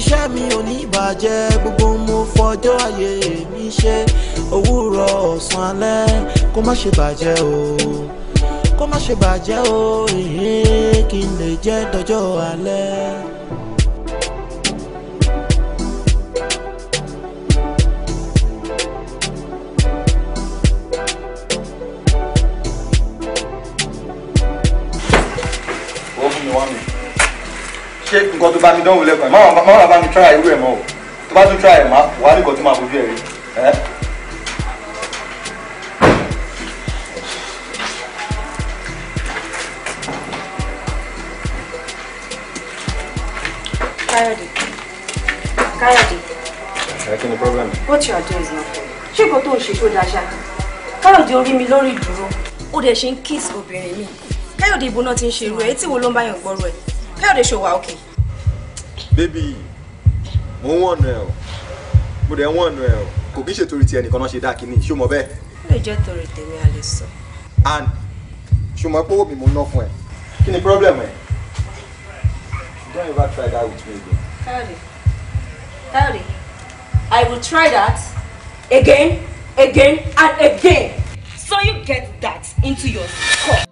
iṣẹ́ mi ò ní bàjẹ́ gbogbo mo fọjọ́ ayé mi ṣe òwúrọ̀ ọ̀sán alẹ́ kó má ṣe bàjẹ́ o kó má ṣe bàjẹ́ o èyí kí n lè jẹ́ dọjọ́ alẹ́. ṣé nǹkan tó bá mi dánwò lẹ́kọ̀ọ́ máa máa bá mi try irú ẹ̀ mọ́ o tó bá tún try ẹ̀ má wà nìkan tó máa fojú ẹ̀ rí Káyọ̀dé Káyọ̀dé. Kí ni problem? What you are doing is not fair. Ṣé kò tó ń ṣe tó dáṣá? Káyọ̀dé orí mi lórí ìdúró. Ó dẹ̀ ṣe ń kiss obìnrin mi. Káyọ̀dé ibo náà ti ń ṣe irú ẹ̀, etí wo ló ń bá gbọ́rọ̀ ẹ̀? Káyọ̀dé the show òkè. Baby, mò ń wọ̀nà ẹ̀ o, mo dẹ̀ ń wọ̀nà ẹ̀ o, kò kí ń ṣe torí ti ẹnìkan Kini, ṣe dá kínní, ṣé o mọ̀ bẹ́ẹ̀? Ó lè a lè sọ. And ṣo mọ̀ pé owó mi mo ná fún ẹ, kí ni problem ẹ? Don't ever try that with me again. Káyọ̀dé, Káyọ̀dé, I will try that again, again and again. So you get that into your skull.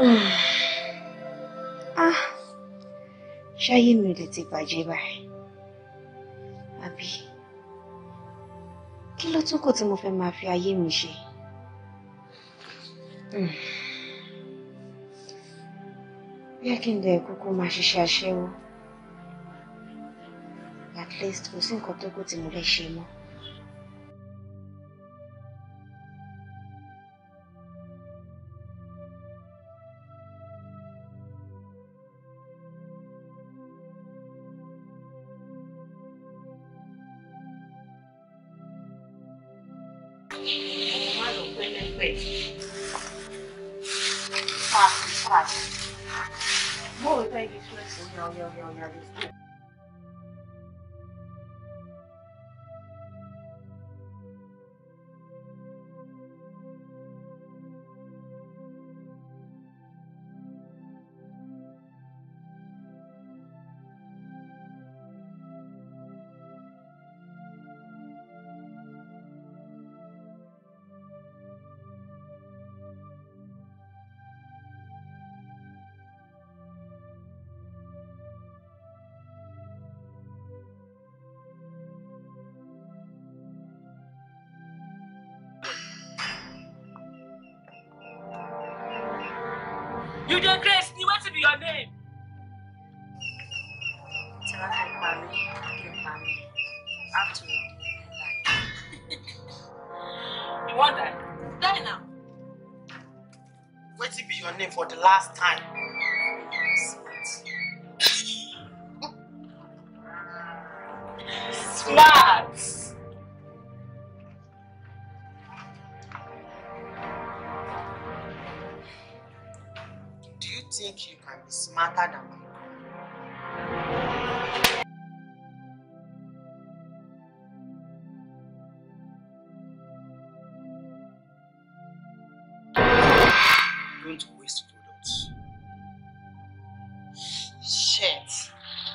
ah ṣáyé mi ò lè ti bàjẹ́ báyìí àbí kí ló tún kù tí mo fẹ́ máa fi ayé mi ṣe. bóyá kí n lè kúkú máa ṣiṣẹ́ aṣẹ́wó at least kò sí nǹkan tó kù tí mo fẹ́ ṣe mọ́.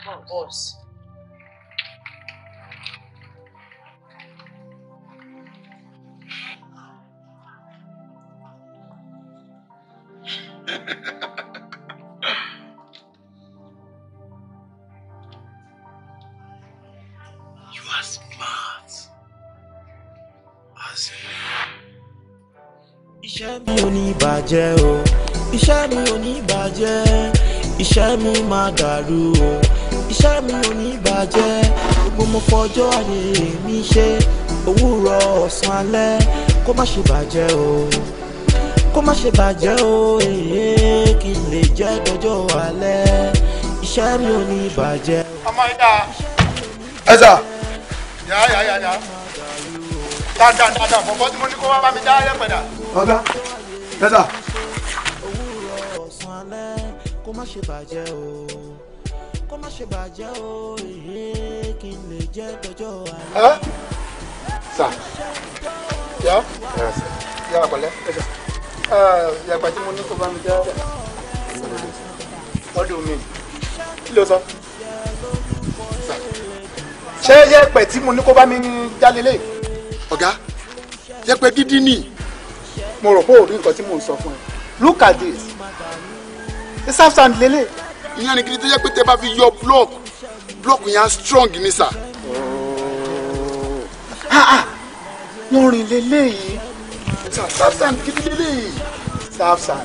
for us. iṣẹ́ mi ò ní bàjẹ́ o iṣẹ́ mi ò ní bàjẹ́ iṣẹ́ mi máa dàrú o mo fọjọ́ ayé mi ṣe òwúrọ̀ ọ̀sán alẹ́ kó má ṣe bàjẹ́ o kó má ṣe bàjẹ́ o èyí kì í lè jẹ́ dọjọ́ alẹ́ iṣẹ́ mi ò ní bàjẹ́. ọmọ ìdá ẹ sà yà yà yà yà dáadáa dáadáa bọ̀bọ̀ tí mo ní kó wá bá mi dá ayé padà. ọ̀gá ẹ òwúrọ̀ ọ̀sán alẹ́ kó má ṣe bàjẹ́ o má ṣe bàjẹ́ o èyí kí n lè jẹ́ dọjọ́ àyè. sà yá yá àpẹlẹ yàgbà tí mo ní kó bá mi jẹ́ what do you mean kí ló sọ ṣé yẹ̀pẹ̀ tí mo ní kó bá mi jálé lé. ọ̀gá yẹ̀pẹ̀ gidi ni. mo rò pé òrí nǹkan tí mò ń sọ fún ẹ look at this it's half sand lélẹ̀ ìyẹn ni kiri tó yẹ pé tẹ bá fi yọ block block yẹn strong ni sà. wọ́n rìn lélẹ́yìí safsan kiri lélẹ́yìí safsan.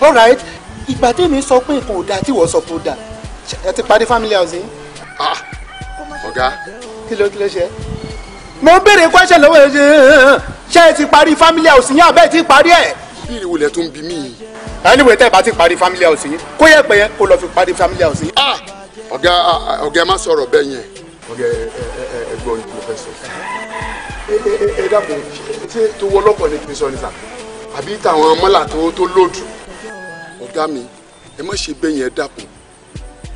all right ìgbà tèmi sọ pé nǹkan ò dáa tí wọ́n sọ pé ó dáa ẹ ti parí family house Ah. ọ̀gá. kí ló kí ló ṣe. mo ń béèrè kwẹ́sẹ̀ lọ́wọ́ ẹ̀ ṣe é ti parí family house yín àbẹ́ẹ̀ ti parí ẹ̀. bí ìrìwò lẹ tún bí mí anyway tẹ́ ẹ bá ti parí family house yín kó yẹ pé kó lọ fi parí family house yín. Ah! ọ̀gá ọ̀gá ẹ má sọ̀rọ̀ bẹ́ẹ̀ yẹn ọ̀gá ẹ gbọ́ ní professor. ẹ dàpọ̀ ṣé tó wọ lọ́kọ̀ ní kí n sọ ní sà àbí tàwọn mọ́là tó lòdù. ọ̀gá mi ẹ má ṣe bẹ́ẹ̀ yẹn dàpọ̀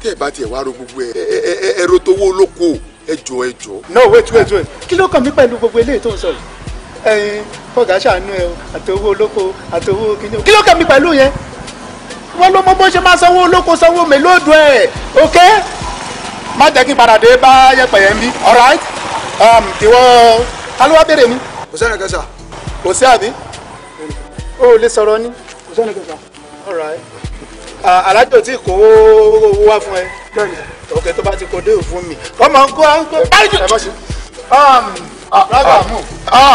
tẹ́ ẹ bá tiẹ̀ wá ro gbogbo ẹ ẹ ẹ ro tówó lóko ẹ jọ ẹ jọ. no wait wait wait kí ló kàn mí pẹ̀lú gbogbo eléyìí tó ń sọ yìí kọ̀gá ṣàánú ẹ o àtòwó olóko àtòwó kìnìún kí ló kẹ́mi pẹ̀lú yẹn wọ́n ló mọ bó ṣe máa sanwó olóko sanwó mélòdù ẹ̀ ok má jẹ́ kí n padà dé bá yẹpẹ̀ bí all um, ìwọ ta béèrè mi. kò sẹ́ni kẹsà. kò sí àbí o ò lè sọ̀rọ̀ ni. kò sẹ́ni kẹsà. all right alájọ tí kò owó wá fún ẹ. ok tó bá ti kó dé òfun mi. kọ́mọ ń kó à ń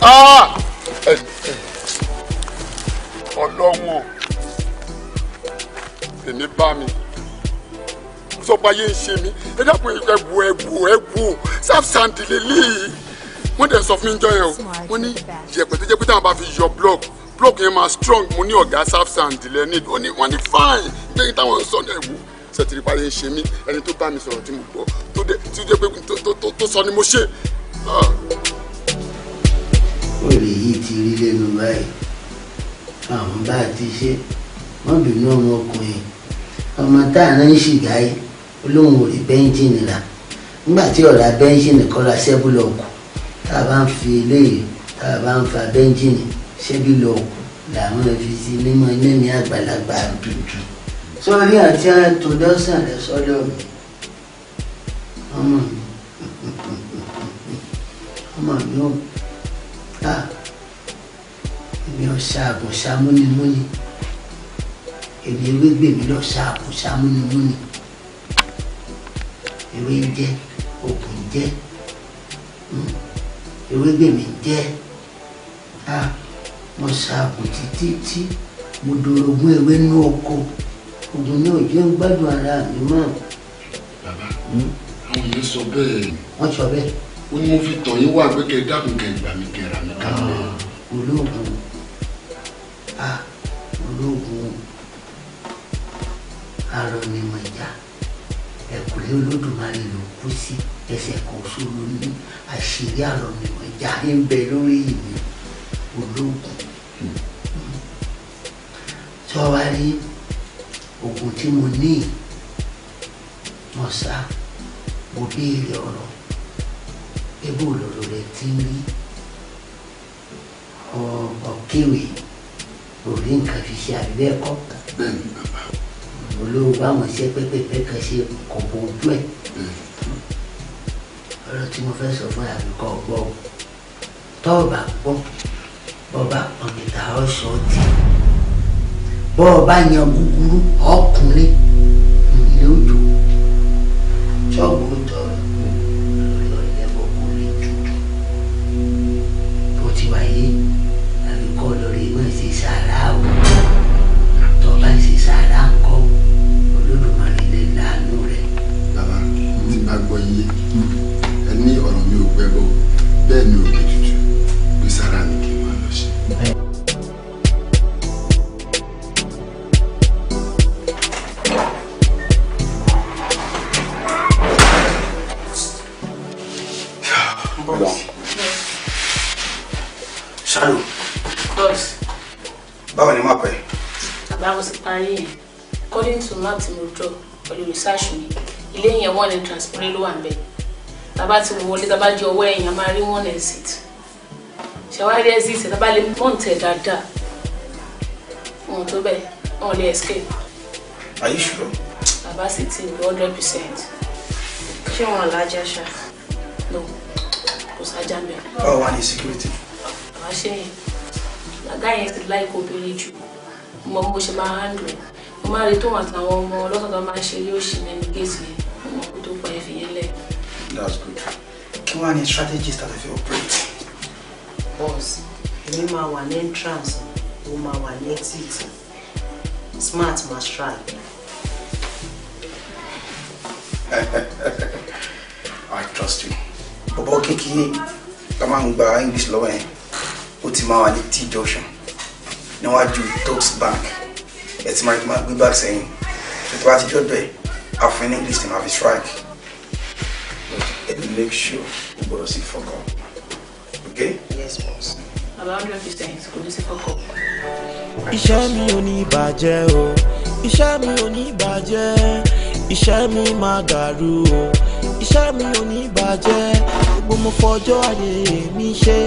Ah! Eh, eh. ọlọ́run o èmi bá mi sọpayé ń ṣe mí ẹ dákun ẹgbù ẹgbù ẹgbù sáfsàǹdì lélẹ́yìí wọ́n dẹ̀ sọ fún mi jọ yẹn o wọ́n ní yẹ̀pẹ̀ tó jẹ́ pé táwọn bá fi yọ block block yẹn máa strong mo ní ọ̀gá sáfsàǹdì lẹ́nìí wọ́n ní wọ́n ní fine lẹ́yìn táwọn sọ ní ẹ̀wù sẹ̀tìrìpáyé ń ṣe mí ẹni tó bá mi sọ̀rọ̀ tí mo gbọ́ tó jẹ́ pé tó sọ ni mo ṣe. Ah òrè yìí ti rí lẹ́nu báyìí àwọn bá ti ṣe wọ́n bínú ọmọ ọkùnrin ọmọ tá à ń ṣìgá yìí olóhùn òrè bẹ́ńjìnì rà nígbà tí ọ̀rá bẹ́ńjìnì kọ́ra sẹ́bùlọ̀kù tá a bá ń fi eléyìí tá a bá ń fa bẹ́ńjìnì sẹ́bùlọ̀kù làwọn fi sí mímọ́ ilé mi àgbàlagbà dùdù sọ́rí àti àtòdọ́sàn rẹ̀ sọ́dọ̀ mi ọmọ mi ọmọ mi ò èmi ò ṣaàgùn ṣamúnimúni èmi ewé gbèmí lọ ṣaàgùn ṣamúnimúni ewé ń jẹ ògùn ń jẹ hmm, ewé gbèmí ń jẹ mo ṣaàgùn títí tí mo dorogún ewé nú oko ògùn náà jẹ́ ń gbádùn ara mi mọ́. bàbá àwọn yẹn sọ bẹ́ẹ̀. wọ́n sọ bẹ́ẹ̀ ó ní mo fi tọ̀ yín wá pé kẹ́ ẹ dákun kẹ́ ẹ gbà mí kẹ́ ẹ rà mí ká lọ. olóògùn ah olóògùn ah, arọ mi mọ ìjà ẹkùnrin olódùmarè ló kú sí ẹsẹ̀ kan ṣòro ní àṣírí arọ mi mọ ìjà ń bẹ lórí ìmí olóògùn tó wá rí oògùn tí mo ní mo sá mo bí ilé ọ̀rọ̀ ebe òlòlò rẹ ti o kiwi òrí nǹkan fi ṣe àbí bẹ́ẹ̀ kọ́ olówó báwọn iṣẹ́ pẹ́pẹ́pẹ́ kan ṣe kò bo ojú ẹ̀ ọ̀rọ̀ tí mo fẹ́ sọ fún àbíkọ́ gbọ́ o tọ́ọ̀bà gbọ́ bọ́ọ̀bà pọ̀nìkà ọ̀ṣọ́ ti bọ́ọ̀bà yan gúgúrú ọkùnrin ìlú òjò ṣọ́ọ̀bù bẹ́ẹ̀ ni òbí tútù bí sára ni kì í máa lọ ṣe. Báwo ni máa pẹ́? Àbáwọ̀ ti parí yẹn. According to map tí mo jọ pẹ̀lú research mi, ilé yẹn wọ́n lè transparent ló wà ń bẹ̀ tàbá ti wọlé tàbá di ọwọ́ ẹ̀yìn a máa rí one exit ṣàwárí exit tàbá lè mọ̀ǹtẹ̀ dáadáa wọn tó bẹ́ẹ̀ wọn lè escape. Are you sure? bàbá sì ti lò hundred percent. ṣé wọn làájá ṣá. no kò sájà ń bẹ̀. báwo wà ní security. bàbá ṣe yẹn àgá yẹn ti láì kó obìnrin jù mo mọ bó ṣe máa handle mo máa rí tóun àtàwọn ọmọ ọlọ́kọ̀ọ́kan máa ń ṣe eré òṣì lẹ́nu géètì yẹn mo mọ kó tó pa ẹ̀fìn yẹn lẹ́yìn that's good. kí wàá ní strategies that fẹ́ operate. boss èmi máa wà ní entrance mo máa wà ní exit smart must try. I trust you. Bọ̀bọ̀ kékeré come máa ń gba English lọ́wọ́ Put him ti máa wà ní T junction níwájú do talks back. It's máa gbé báàgì sẹ́yìn. Ṣé tí wàá ti jọ́dọ̀ ẹ̀? Àfin English ti máa fi strike and make sure o gbọ́dọ̀ sí fuck up okay. yes boss. iṣẹ́ mi ò ní bàjẹ́ o iṣẹ́ mi ò ní bàjẹ́ iṣẹ́ mi máa dàrú o iṣẹ́ mi ò ní bàjẹ́ gbogbo mo fọjọ́ ayé mi ṣe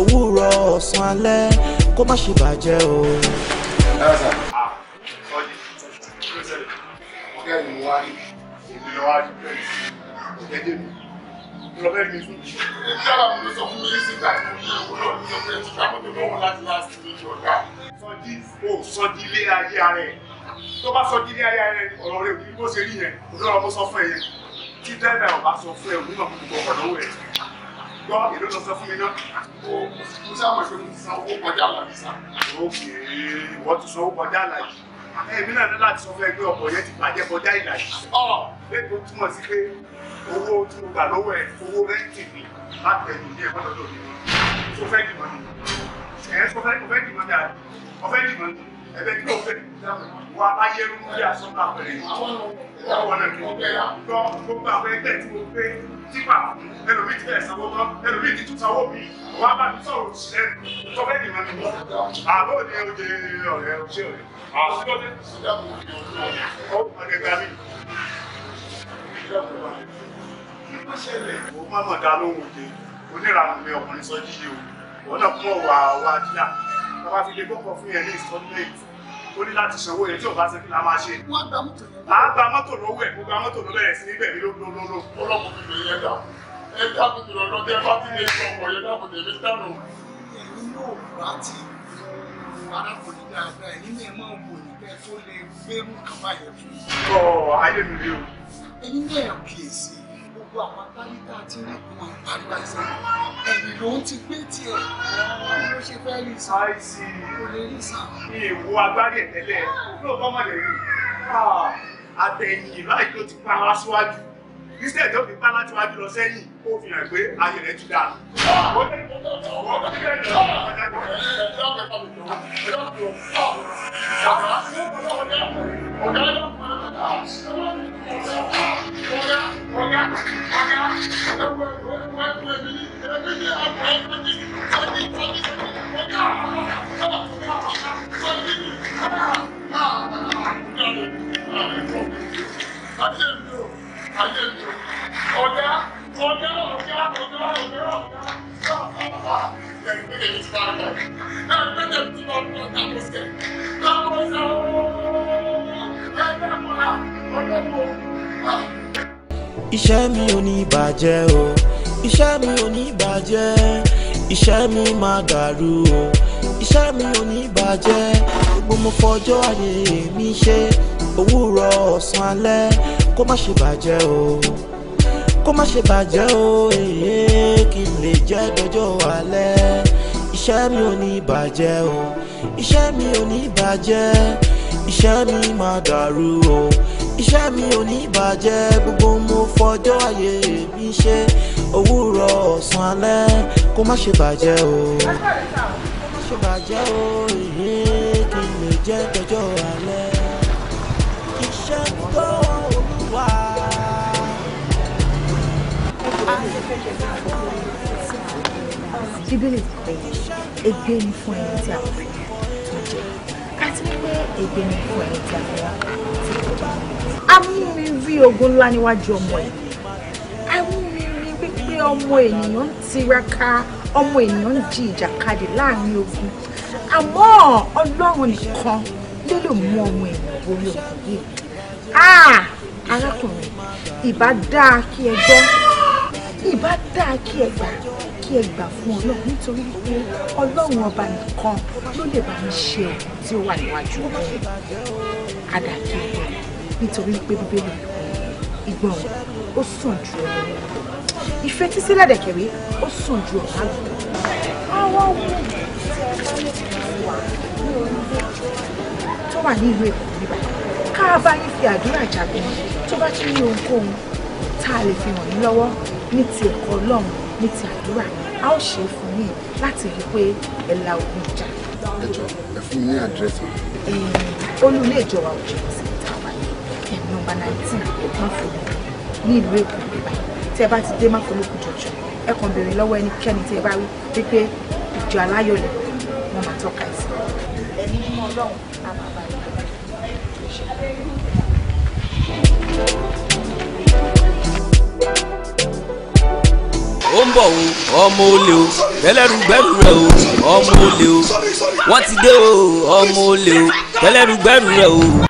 òwúrọ̀ ọ̀sán alẹ́ kó má ṣe bàjẹ́ o. ọ̀gá ìmúwárí èmi lọ́wọ́ àdúgbò ẹ̀sìn ọ̀gẹ́dẹ̀ mi lọ́rẹ́ mi fún. ìjọba mi ló sọ fún mi síta tí mo ìwúlò ní ọ̀pẹ tí ká mọ́tò lọ́wọ́ láti láti ní ìjọba. sọjí o sọjí ilé ayé ara tó bá sọjí ilé ayé ara ọ̀rọ̀ rẹ òbí bó ṣe rí yẹn òdúrà mo sọ fún ẹ tí dẹ́gbà ọba sọ fún ẹ òun náà kò gbọ́ lọ́wọ́ ẹ gbọ́ èló lọ sọ fún mi náà. èmi náà ní láti sọ fún ẹ pé yẹn ti bàjẹ́ kọjá ìlàjì. ọ̀ lẹ́kọ̀ọ́ túmọ̀ sí pé owó tí mo gbà lọ́wọ́ ẹ̀ owó rẹ́ǹtì ni látẹ̀lú ilé ẹ̀kọ́ lọ́dọ̀ mi tó fẹ́ dìmọ̀ ni ẹ̀ tó fẹ́ fẹ́ dìmọ̀ ni àbí ọfẹ́ dìmọ̀ ni ẹ̀bẹ̀ kí ló fẹ́ wọ abáyé rú bí asọ́nà àpẹẹrẹ ọwọ́ náà kí lọ gbogbo àwọn ẹgbẹ́ tí mo gbé tipa ẹlòmíì ti bẹ̀rẹ̀ sanwó tán ẹlòmíì ti tún sanwó mi wọ́n á bá mi sọ̀rọ̀ sílẹ̀ tó fẹ́ dìmọ̀ ni àbọ̀ ni oje ọ̀rẹ́ oje ọ̀rẹ́ àṣìlọ́dẹ ọ̀rẹ́ gbàmí ló ṣẹlẹ̀ ó má mọ̀ dá lóhùn òde oníranù ni ọkùnrin sọ jíye o òun náà kún ọ̀wà wa díà bàbá fi lè gbọ́kọ̀ fún yẹn ní installment ó ní láti sanwó yẹn tí ò bá ṣe kí la máa ṣe. wọ́n gba mọ́tò lọ́wọ́. à gba mọ́tò lọ́wọ́ ẹ̀ mo gba mọ́tò lọ́wọ́ ẹ̀ sí níbẹ̀ mi ló ló ló ló. ọlọ́mọdé yẹn dà ẹ dábò tó lọ bá ti lè sọ ọ̀pọ̀ yẹn dábò tèmi dànù. èmi yóò wá tí arákùnrin dáadáa gbogbo àwọn táyítà ti rí wọn pariwo àìsàn ẹ̀yìn ló ń ti gbé tiẹ̀ kí ló ṣe fẹ́ rí sàn kò lè rí sàn. ìwò agbárí ẹ̀ tẹ́lẹ̀ lóòótọ́ mọ̀lẹ́rì ah, àtẹ̀yìn láì tó ti pa ara síwájú. Christian tó fi bá láti wájú lọ sẹ́yìn ó fi hàn pé ayé rẹ̀ ti dà. Thank you àjẹjù iṣẹ́ mi ò ní bàjẹ́ o iṣẹ́ mi ò ní bàjẹ́ iṣẹ́ mi máa dàrú o iṣẹ́ mi ò ní bàjẹ́ gbogbo mo fọjọ́ ayé mi ṣe òwúrọ̀ ọ̀sán alẹ́ kó má ṣe bàjẹ́ o kó má ṣe bàjẹ́ o èyí kí n lè jẹ́ dọjọ́ alẹ́ iṣẹ́ mi ò ní bàjẹ́ o iṣẹ́ mi ò ní bàjẹ́ iṣẹ́ mi máa dàrú o iṣẹ́ mi ò ní bàjẹ́ gbogbo mo fọjọ́ ayé mi ṣe òwúrọ̀ ọ̀sán alẹ́ kó má ṣe bàjẹ́ o kó má ṣe bàjẹ́ o èyí kí n lè jẹ́ dọjọ́ alẹ́. bíbélì pé ègbé ni fún ẹni tí a pè tó jẹ àti wípé ègbé ni fún ẹni tí a pè wá tí kò bá mi. amúmi rí ogun ńlá níwájú ọmọ ẹ amúmi rí wípé ọmọ ènìyàn ń tiraka ọmọ ènìyàn ń di ìjàkadì láàrin ogun àmọ́ ọlọ́run nìkan ló lè mú ọmọ ènìyàn borí ogun yìí arákùnrin ah, ìbá dáa kí ẹ gbọ́ ìbá dáa kí ẹ gbà kí ẹ gbà fún ọlọ́run nítorí pé ọlọ́run ọba nìkan ló lè bá mi ṣe ẹ tí ó wà níwájú àdàkì ìgbà nítorí pé bíbélì ìgbọ̀n ó sàn ju ọ̀rọ̀ ìfẹ́ tí sílẹ̀ dẹ̀kẹ̀rẹ́ ó sàn ju ọ̀rọ̀ àwọn ọmọ tó wà nílùú èkó níbà ká bá yín fi àdúrà jagun tó bá ti rí ohunkóhun tá a lè fi hàn yín lọ́wọ́ ní ti ẹ̀kọ́ ọlọ́run ní ti àdúrà a ó ṣe fún yín láti rí i pé ẹ la ogun jà. ẹ jọ ẹ fún mi ní àdírẹ́sì. olú ilé ìjọba òjò sí ìta wa ẹ̀mí nọ́mbà nineteen máfòlù ní ìlú èkó bíbá tí ẹ bá ti dé máfòlù kù jọjọ ẹ kàn béèrè lọ́wọ́ ẹnikẹ́ni tí ẹ bá rí wípé ìjọ aláyọ̀ lẹ̀ wọ́n máa tọ́ka ẹ̀ sí. ẹ̀mí mímọ́ ọlọ́run á máa bá yín. Thank you. ó ń bọ̀ o ọmọ olè o tẹ́lẹ̀rú gbẹ́rù rẹ̀ o ọmọ olè o wọ́n ti dé o ọmọ olè o tẹ́lẹ̀rú gbẹ́rù rẹ̀ o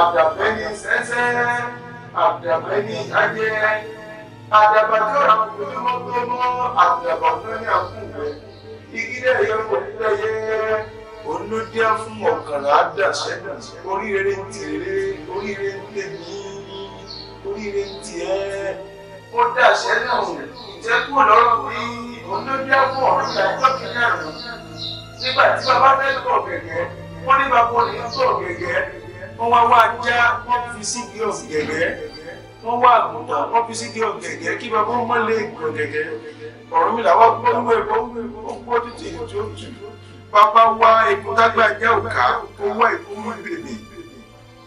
àdàbẹ́ni sẹ́sẹ́ àdàbẹ́ni ìyájẹ́ àdàbà tí ọ̀rọ̀ àkójúmọ́ tó mọ́ àdàbà tó ní àkúwẹ̀ igi dẹ̀yẹ fò dẹ̀yẹ olódìá fún ọ̀kàrà àdàṣẹ́ oríire ń tèrè oríire ń tèmi oríire ń tiẹ́ ó dàṣẹ́ náà ìtẹ́kù lọ́rọ̀ bí olódìá fún ọ̀rọ̀ ìdájọ́ kìnìún nígbà tí bàbá fẹ́ sọ̀rọ̀ gẹ́gẹ́ wọ́n ní bàbá òní sọ̀rọ̀ gẹ́gẹ́ wọ́n wá wá ajá wọ́n fi síbi ọ̀gẹ̀dẹ̀ wọ́n wá àgùntàn wọ́n fi síbi ọ̀gẹ̀dẹ̀ kí bàbá wọn lè gbọ̀gẹ̀dẹ̀ ọ̀rọ̀ mi làwọn gbọ́ nínú ẹ̀kọ́ ó gbọ́ títí èyí tí ó jù bàbá wa èkó tágbà jẹ́ òkà owó èkó mú ìbèbè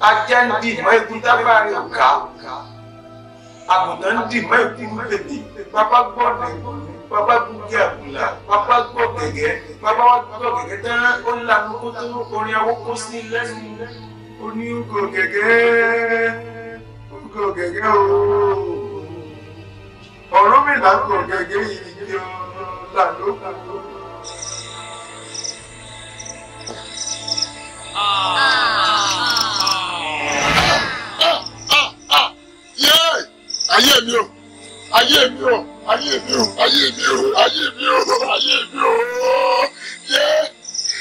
ajá ń dì mọ́ èkó tágbà rẹ̀ òkà àgùntàn ń dì mọ́ èkó mú ìbèbè bàbá gbọ́ nìyí bàbá gúgé àgùlà bàbá gbọ́ gẹ̀gẹ́ bàbá wa gbọ́ gẹ̀gẹ́ tán ó lànà kó orin awó kó sí lẹ́nu ó ní ugo gẹ́gẹ́ ugo gẹ́gẹ́ o ọ̀rọ̀ mi là ń gò gẹ́gẹ́ ìyí o là ló kù. ayé mi o ayé mi o ayé mi o ayé mi o ayé mi o ayé mi o yẹ.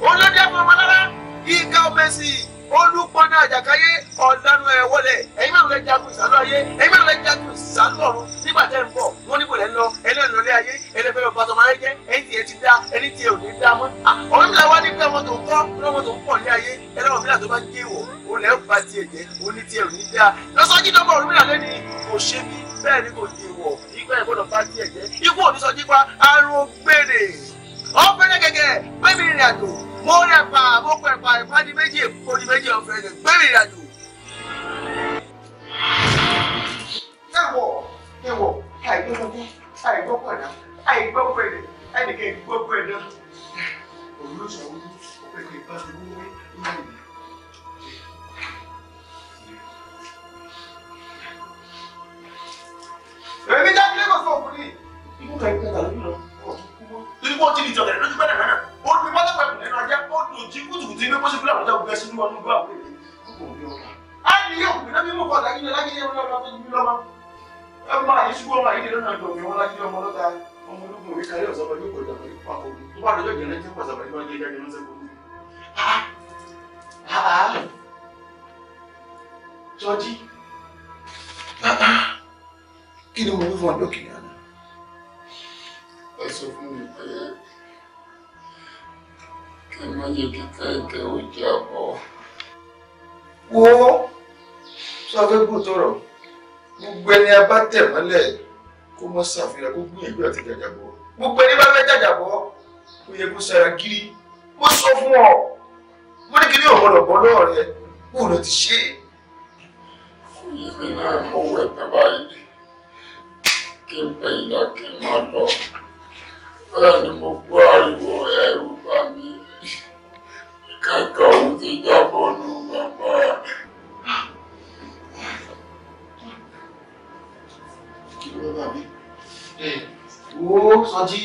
olóde fọmọlára ìka ọmọ ẹ̀sìn olùpọ̀nà àjàkáyé ọ̀dánù ẹ̀ wọlé ẹ̀yin máa ń lọ jagun ìsàlù ayé ẹ̀yin máa ń lọ jagun ìsàlù ọ̀run nígbà tẹ́ ń bọ̀ wọ́n ní kò lẹ́ ń lọ ẹlẹ́yìn lọ́lé ayé ẹlẹ́fẹ́ lọ pàtó máa ń jẹ́ ẹ̀yin tiẹ̀ ti dá ẹni tiẹ̀ ò ní dá mọ́. ọ̀run ní àwa ní pé ọmọ tó ń kọ́ ọmọ tó ń pọ̀ ní ayé ẹlẹ́wọ̀n mílà tó bá gé wọ̀ òun lẹ́ bá tiẹ̀ jẹ́ òun ní tiẹ̀ ò ní dá lọ́sọ́jí dọ́gba òun mílà lẹ́ni kò ṣe bí bẹ́ẹ̀ ni kò di ìwọ̀ ìgbà ìgbọ́dọ̀ bá tiẹ̀ jẹ́ ikú òní sọ jípa arúgbèrè ọpẹlẹ gẹ́gẹ́ gbẹmí ìrìn àjò mo rẹ pa mo pẹ pa ìfá di méjì èkó di méjì ọpẹlẹ gbẹmí ìrìn àjò. kẹwọ kẹwọ àìgbọmọdé àìgbọpọdà àìgbọpẹlẹ ẹnìkan ìgbọpẹlẹ olùsọ olú ọpẹlẹ ìbáṣe wíwé ìwé. èmi jáde lẹ́kọ̀ọ́ sọ̀kùnrin. ikú kan ìpẹ́ta lójú lọ torí pé ó ti di ìjọ̀gẹ̀dẹ̀ lójú pẹ́ẹ́nà náà ó ní pátápátá lẹ́nu ajá ó dùn jí kùtùkùtù ní bó ṣe fúlàmù ọjà gbẹ sínú ọdún gbà wọlé á ní yóò gbé náà mímú kọ́ láyé láyé ọmọ ọmọ tó yí lọ́mọ ẹ máa yí ṣùgbọ́n máa yí lé lọ́nà ìjọba ìwọ́n láyé ọmọ lọ́ta ọmọ ológun òwe kárí ọ̀sán pẹ̀lú ìkọ̀dà pẹ̀lú ìpapò tó bá dọjọ́ ìjọba ìjọba ìjọba ìjọba ìjọba ìjọba ìjọba ìjọba ìjọba ìjọba kí ni mo wí fún ọjọ́ kìnìún ẹ sọ fún mi pé kí n má yẹ kí kẹ̀kẹ́ ó jábọ́. wo sọ fẹ́ gùn tọrọ gbogbo ẹni a bá tẹ̀ mọ́lẹ̀ kó mọ́ ṣàfihàn kó gbìyànjú àti jàjàbọ́ gbogbo ẹni bá fẹ́ jàjàbọ́ kó yẹ kó ṣara gírí mo sọ fún ọ mo ní kí ní ọ̀gbọ́dọ̀ bọ́ lọ́ọ̀ rẹ kó o lọ ti ṣe é. kò yẹ mí náà mo wẹ̀ tán báyìí kí n bẹ ìlà kí n má lọ bẹ́ẹ̀ ni mo gbọ́ ariwo ẹ̀rù bà mí kẹ̀kẹ́ òun ti jábọ́ nù bàbá. kí ló bá mi? wo sọjí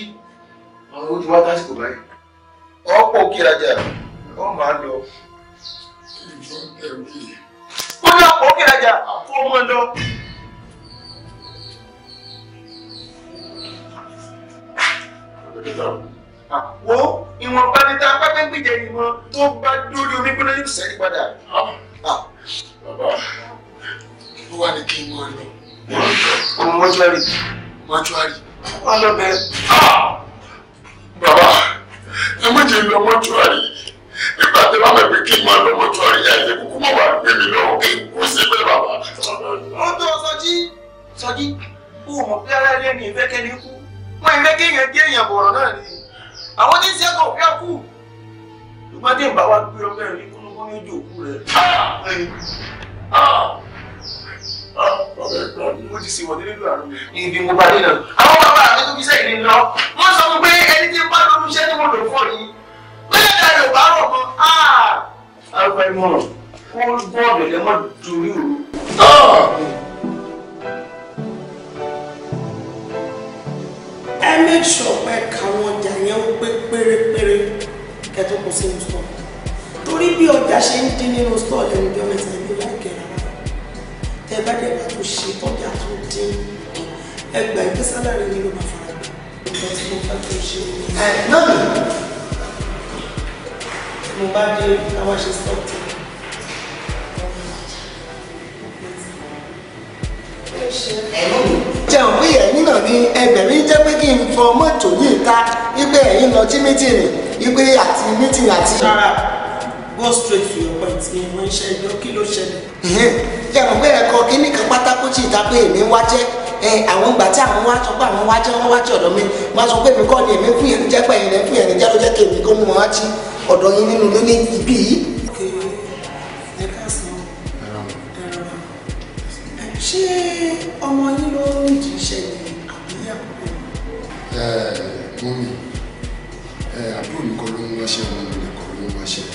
àwọn àwọn kíní kan pátákó tí ìta pé èmi wá jẹ́ ẹ àwọn ìgbà tí àwọn wá sọ pé àwọn wá jẹ́ wọ́n wá jẹ́ ọ̀dọ̀ mi máa sọ pé èmi kọ́ ni èmi fún yẹn jẹ́ pé ẹ̀yìn rẹ̀ fún yẹn jẹ́ ló jẹ́ kí èmi kó mú wọn ti ọ̀dọ̀ yín nínú ló ní ibi yìí. ṣé ọmọ yín ló ń di iṣẹ́ àbúrò? ẹ ẹ ẹ àbúrò mi kọ́ ló ń wáṣẹ́ mi nìkan ló ń wáṣẹ́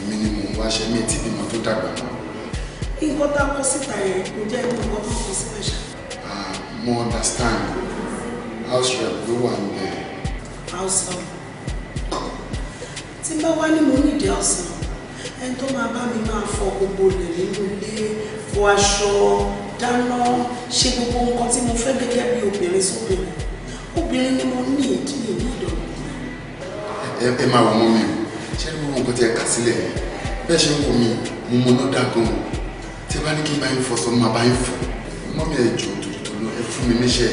èmi ni mò ń wáṣẹ́ mi ti bímọ tó dàgbà náà nǹkan tá a kọ síta yẹn kò jẹ́ nǹkan tó kọ sílẹ̀ ṣá. mo understand house rep ló wà níbẹ̀. house rep tí bá wá ní mo nídìí ọ̀sán ẹni tó máa bá mi máa fọ gbogbo rẹ̀ nínú ilé fọ aṣọ dáná ṣe gbogbo nǹkan tí mo fẹ́ gẹ́gẹ́ bí obìnrin sóbìnrin obìnrin ni mo ní ìdí ìní ìdọ̀rọ̀. ẹ máa wà mọ́ mi ṣé ẹ mọ nǹkan tí ẹ kà sílẹ̀ bẹ́ẹ̀ ṣe ń wọ mi mo mọ náà dá gan-an tẹ bá ní kí n bá yín fọ sọ máa bá yín fọ mọ́ mi ẹ̀ jù tòlótòló ẹ fún mi níṣẹ́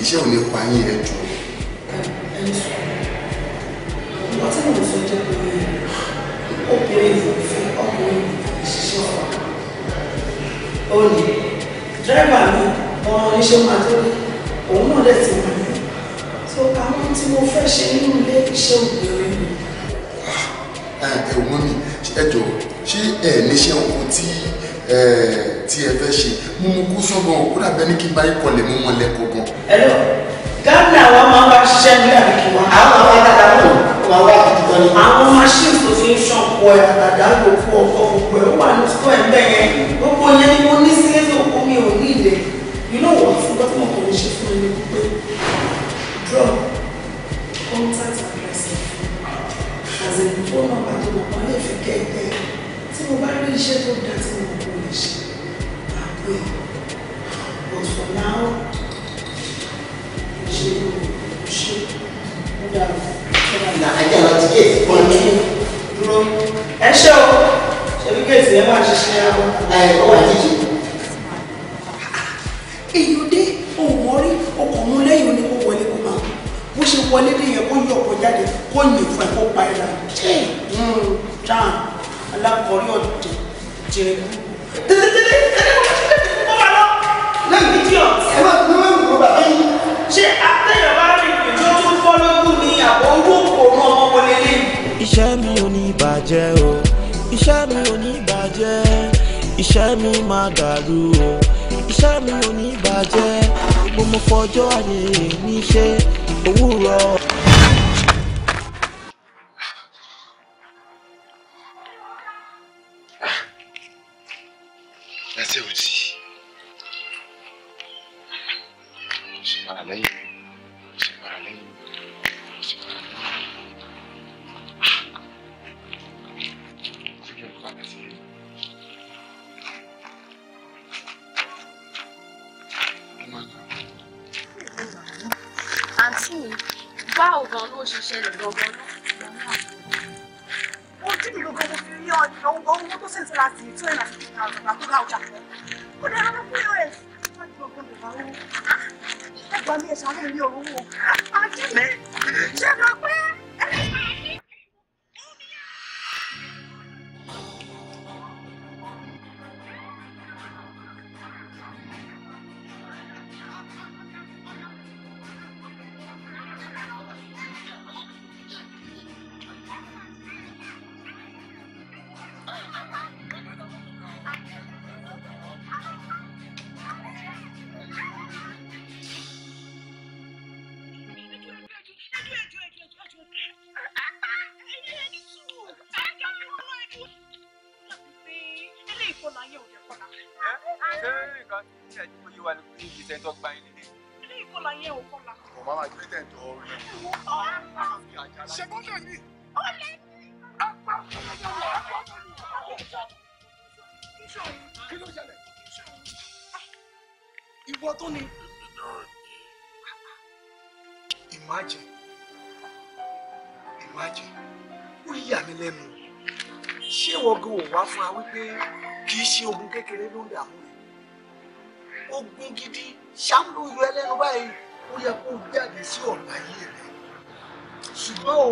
iṣẹ́ ò ní pa yín ẹ jù. ọ̀pọ̀ tí mo sọ jẹ́ pé obìnrin ìfẹ́ ọkùnrin ìṣiṣẹ́ ọ̀fà ó ní dírẹ́bà mi ọmọ oníṣẹ́ máa tó ní òun náà dẹ̀ ti mọ̀ ní tó àwọn tí mo fẹ́ ṣe nínú ilé iṣẹ́ obìnrin mi. Ah, ẹ ẹ wọ́n mi ẹ jọ̀ọ́ ṣé ẹ níṣẹ́ ohun tí Eh, tí ẹ fẹ́ ṣe mú mú kú sọ́gbọ̀n ó dàbẹ́ ní kí n bá yín kọlẹ̀ mú wọn lẹ́kọ̀ọ́ gan. ẹ̀rọ ghana wa máa wá ṣiṣẹ́ ní àbíkí wa àwọn àwọn àtàdá pọ̀ wà wá àtúntò ni. àwọn machine tó fi ń ṣàn pọ̀ ẹ̀ àtàdá ló fún ọkọ̀ gbogbo ẹ̀ wà ní sọ ẹ̀ bẹ́ẹ̀ yẹn gbogbo yẹn ni mo ní sílé tó kó mi ò ní ilẹ̀ you know what fún gbọ́dọ̀ mọ̀ kò ní ṣe fún mi pé drug contact aggressive as a phone number tó mọ̀ pọ̀ lè fi kẹ́ ẹ̀ tí mo bá rí iṣẹ́ tó dá tí pay. But for now, she she would have. Na ajá lọ ti kéèsì kan ní. Dúró. Ẹ ṣe o, ṣe bí kéèsì ẹ máa ṣiṣẹ́ ọ. Ẹ ọ wà jíjì. Èyí ò dé òwò rí ọkọ̀ mú lẹ́yìn oní kó wọlé kó máa. Bó ṣe wọlé dé yẹn kó yọ ọkọ̀ jáde kó yìn fún ẹ kó pa ẹ̀ rà. Ṣé hmm, John alákọ̀ọ́rí ọ̀dẹ̀ jẹ̀rẹ̀ kú pé idiot. ẹ máa gbé wọn kúrò bàbá yìí. ṣé àtẹ̀yẹ̀ bá rí ìpè tó tún ni àbọ̀ owó mi ò ní bàjẹ́ gbogbo fọjọ́ ayé mi ṣe òwúrọ̀. ṣe ẹni kó wa ni kó yé ìṣẹ́ tó gba ilé. ilé ìkọlà yẹn ò kọlà. ọ̀ máa máa gbé tẹ̀ tó rí. ṣe bọ́ náà ni. ó lé ní. ìwọ tó ni. ìmájẹ ìmájẹ ó yà mí lẹ́nu ṣé wọ́n gan ò wá fún wa wípé kì í ṣe ogun kékeré ló ń dààmú ogun gidi ṣáàlù yọ ẹlẹ́nu báyìí ó yẹ kó jáde sí ọ̀nà ayé rẹ̀ ṣùgbọ́n o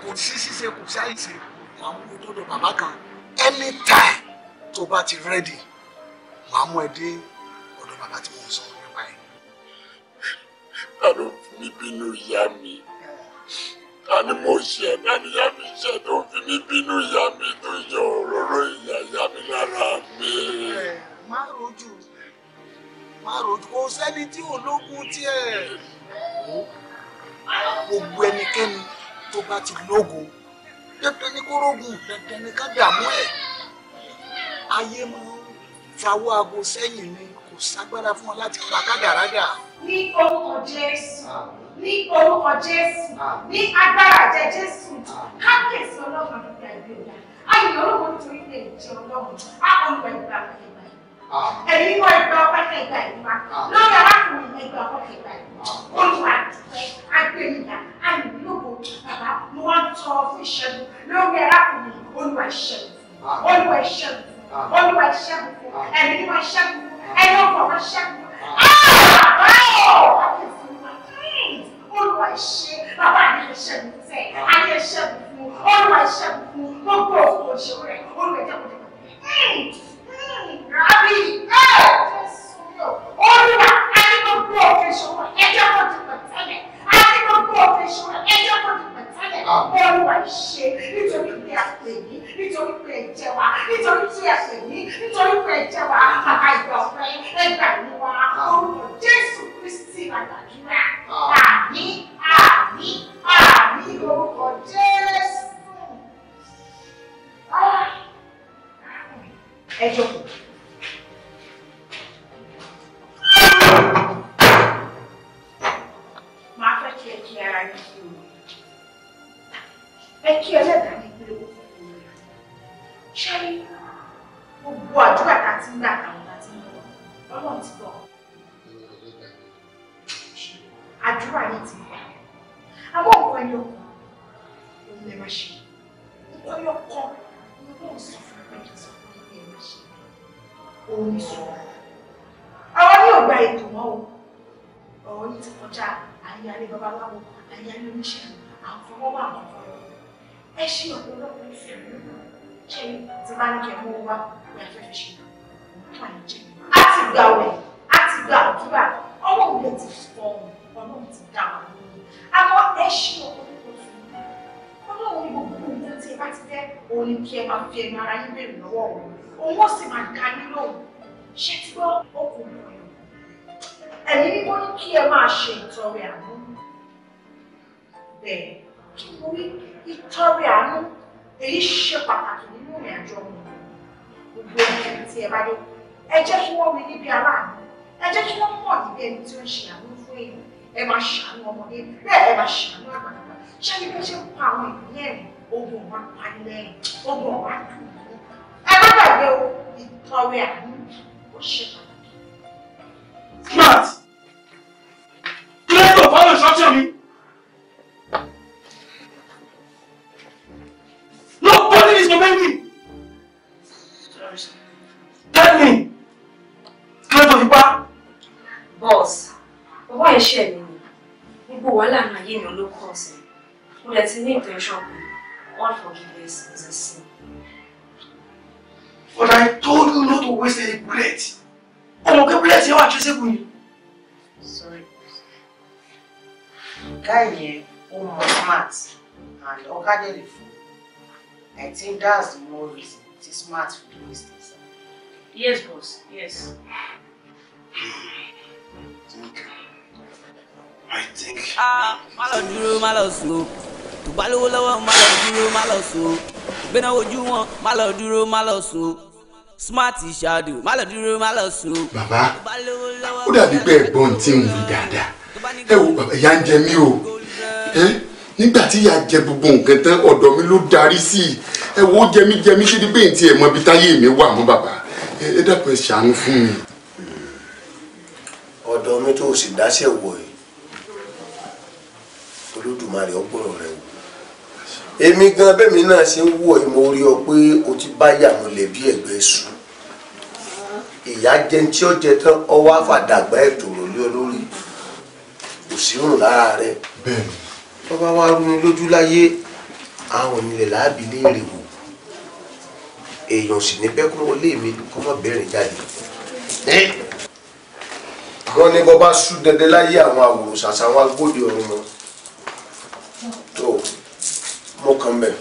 kò sí ṣíṣe kò ṣàìṣe màá mú òdodo bàbá kan anytime tó bá ti rẹ́dì màá mú ẹ dé ọ̀dọ̀ bàbá tí mo sọ nípa ẹ. ta ló bínú ìyá mi ta ni mo ṣe ẹ̀dá níyà mi ṣe tó fi mí bínú ìyá mi tó yọ òróró ìyá ìyá má rojú kò sẹ́ni tí ológun tiẹ̀ gbogbo ẹnikẹ́ni tó bá ti lógo dandan ní kó rógun dandan ní ká dààmú ẹ̀ ayé máa ń fawọ́ aago ni kò ságbára fún ọ láti pa kádàrádà. ní orúkọ Jésù ní orúkọ Jésù ní agbára jẹ Jésù kábíyèsí ọlọ́run àti àgbẹ̀dá ayé orúkọ nítorí lè jẹ ọlọ́run á ọ̀nà ìgbà Ah. ẹ̀yin wọ ìgbà ọpẹ́ kẹgbà yìí wa lórí arákùnrin yẹn ìgbà ọpẹ́ kẹgbà yìí ah. olùwà àtúntẹ agbẹnìyà àyìnlógo bàbá mo wá ń tọ fún ìṣẹ́gun lórí arákùnrin olùwà ìṣẹ́gun ah. olùwà ìṣẹ́gun olùwà ìṣẹ́gun ẹ̀mí wa ìṣẹ́gun ẹ̀yọ́ ọkọ̀ wa ìṣẹ́gun. ọmọdé bẹ́ẹ̀ ẹ máa ṣàánú àgbàlagbà ṣé ní bó ṣe ń pa àwọn ìpínlẹ̀ ogun ọ̀wá palẹ̀ ogun ọ̀wá dùn ẹ má gbàgbé o ìtọrẹ àánú ó ṣe pàtàkì. smart kílẹ̀ tó fọ́lọ̀ ṣọ́ọ̀ṣì mi. Nobody is coming me. Tell me, kílẹ̀ tó fi pa. boss bàbá ẹ̀ ṣẹ̀ mi gbogbo wàhálà náà yìí ló ló kọ̀ sí mo ti ní intention pé all forgiveness is a sin. But I told you not to waste any bullet. ọmọ pé bullet yẹn wà traceable ni. Sorry. guy yẹn ó mọ smart and ọ̀kadẹ̀ lè fún I think that's the more reason to smart for the waste. Yes, boss. Yes. Thank hmm. you. I think. Ah, má lọ dúró, má lọ sùn o. Tùpá lówó lọ́wọ́, má lọ dúró, má lọ sùn o. Gbéná ojú wọn, má lọ dúró, má lọ sùn o. Smart shadow, má lọ dúró, má lọ sùn o. Bàbá, ó dàbí pé ẹ̀gbọ́n tí ń wí wo bàbá, ìyá ń jẹ mí o. Nígbà tí ìyá jẹ gbogbo nǹkan tán, ọ̀dọ̀ mi ló darí sí i. Ẹ wo jẹmí jẹmí ṣé ní bẹ́ẹ̀ tí ẹ̀ mọ ibi táyé mi wà mọ́ bàbá. Ẹ dàpọ̀ ẹ ṣàánú fún mi. Ọ̀dọ̀ mi tó o sì dáṣẹ̀ wọ̀ yìí Olódùmarè ọgbọ̀rọ̀ rẹ wò èmi gan bẹ́mi náà ṣe ń wọ̀ ẹ́ mo ọ pé o ti bá yàmú lẹ̀bi ẹ̀gbẹ́ sùn ìyá jẹ tí ó jẹ tán ọwọ́ àfàdàgbà ẹ̀tòrò lé olórí kò sí rùn lára rẹ bàbá wa rú ni lójú láyé àwọn onílẹ̀ láàbí léèrè wò èèyàn sì ní bẹ́kún wọlé mi kó má bẹ̀rẹ̀ jáde wọ́n ní bọ́ bá sú dẹdẹ láyé àwọn àwòrán ṣàṣà wọn agbóde ọ̀run wọn ó kàn bẹ̀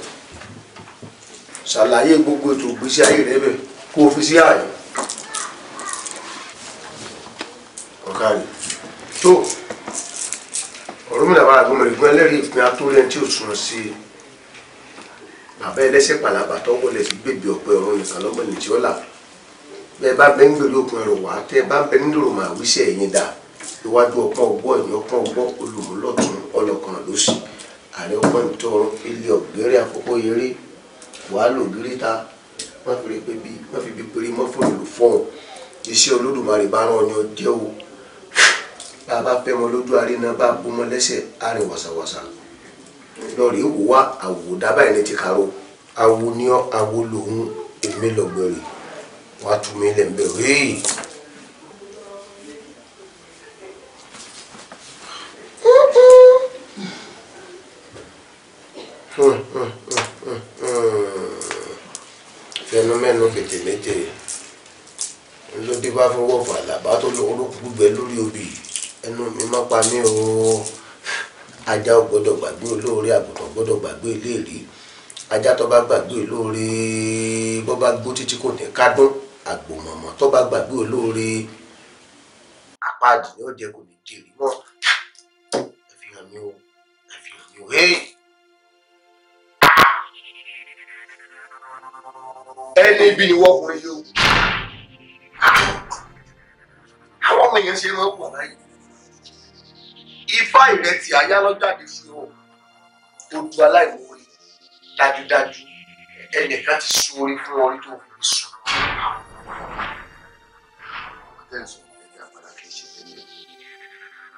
ṣàlàyé gbogbo ètò ìgbésí ayé rẹ bẹ̀ kó o fi sí ààyè ọ̀gá rẹ̀ tó ọ̀rọ̀mìnà bára gómìnà ìgbọ́n ẹlẹ́rìí ìpín atóyẹn tí ò sùn sí i bàbá ẹlẹ́sẹ̀ pàlàbà tọ́wọ́ lẹ̀ sí gbèbè ọ̀pẹ ọ̀run nìkan lọ́gbọ̀n lè tí ó là bẹ́ẹ̀ bá bẹ́ ń gbèrè òpin ọ̀rọ̀ wá tẹ́ bá bẹ́ nílò rò máa wíṣẹ́ ẹ̀yìn iwájú ọpọ́n ọgbọ́ ẹ̀yìn ọpọ́n ọgbọ́ olùmúlọ̀tún ọlọ́kan lósì ààrẹ ọpọ ìtọọrọ ilé ọgbẹrẹ àkọ́kọ́ yẹrí wàhálà ògiri ta má fi rí pé bí má fi bí péré má fò lòlò fọhùn iṣẹ́ olódùmarè bá rán ọyàn jẹ o bá a bá fẹ́ mọ lójú aré náà bá bó mọ lẹ́sẹ̀ àárín wàsàwàsà lọrí wò wá àwò dábàá ẹni ti kàró àwò ni àwò lòun èmi lọgbẹrẹ wàá tún mi lẹ́ńbẹ̀ rèé. fọwọ́ fàlàbà tó lọ olókùú gbẹ lórí obì ẹnu mi má pa mí o ajá ò gbọ́dọ̀ gbàgbé olóore àgùntàn gbọ́dọ̀ gbàgbé iléèrí ajá tó bá gbàgbé olóore bó bá gbó títí kò ní kádùn àgbòmọ̀mọ̀ tó bá gbàgbé olóore àpáàdì ni ó jẹ kò ní jèrè mọ́ ẹ fi o ẹ fi o hey. ẹni bí ni wọ́n fún yí báwọn èèyàn ṣe máa ń wà láyé ifá ìrẹsì ayálọ́jáde fi hàn gbogbo aláìmoore dájúdájú ẹnìkan ti sun orí fún orí tó fi sùn.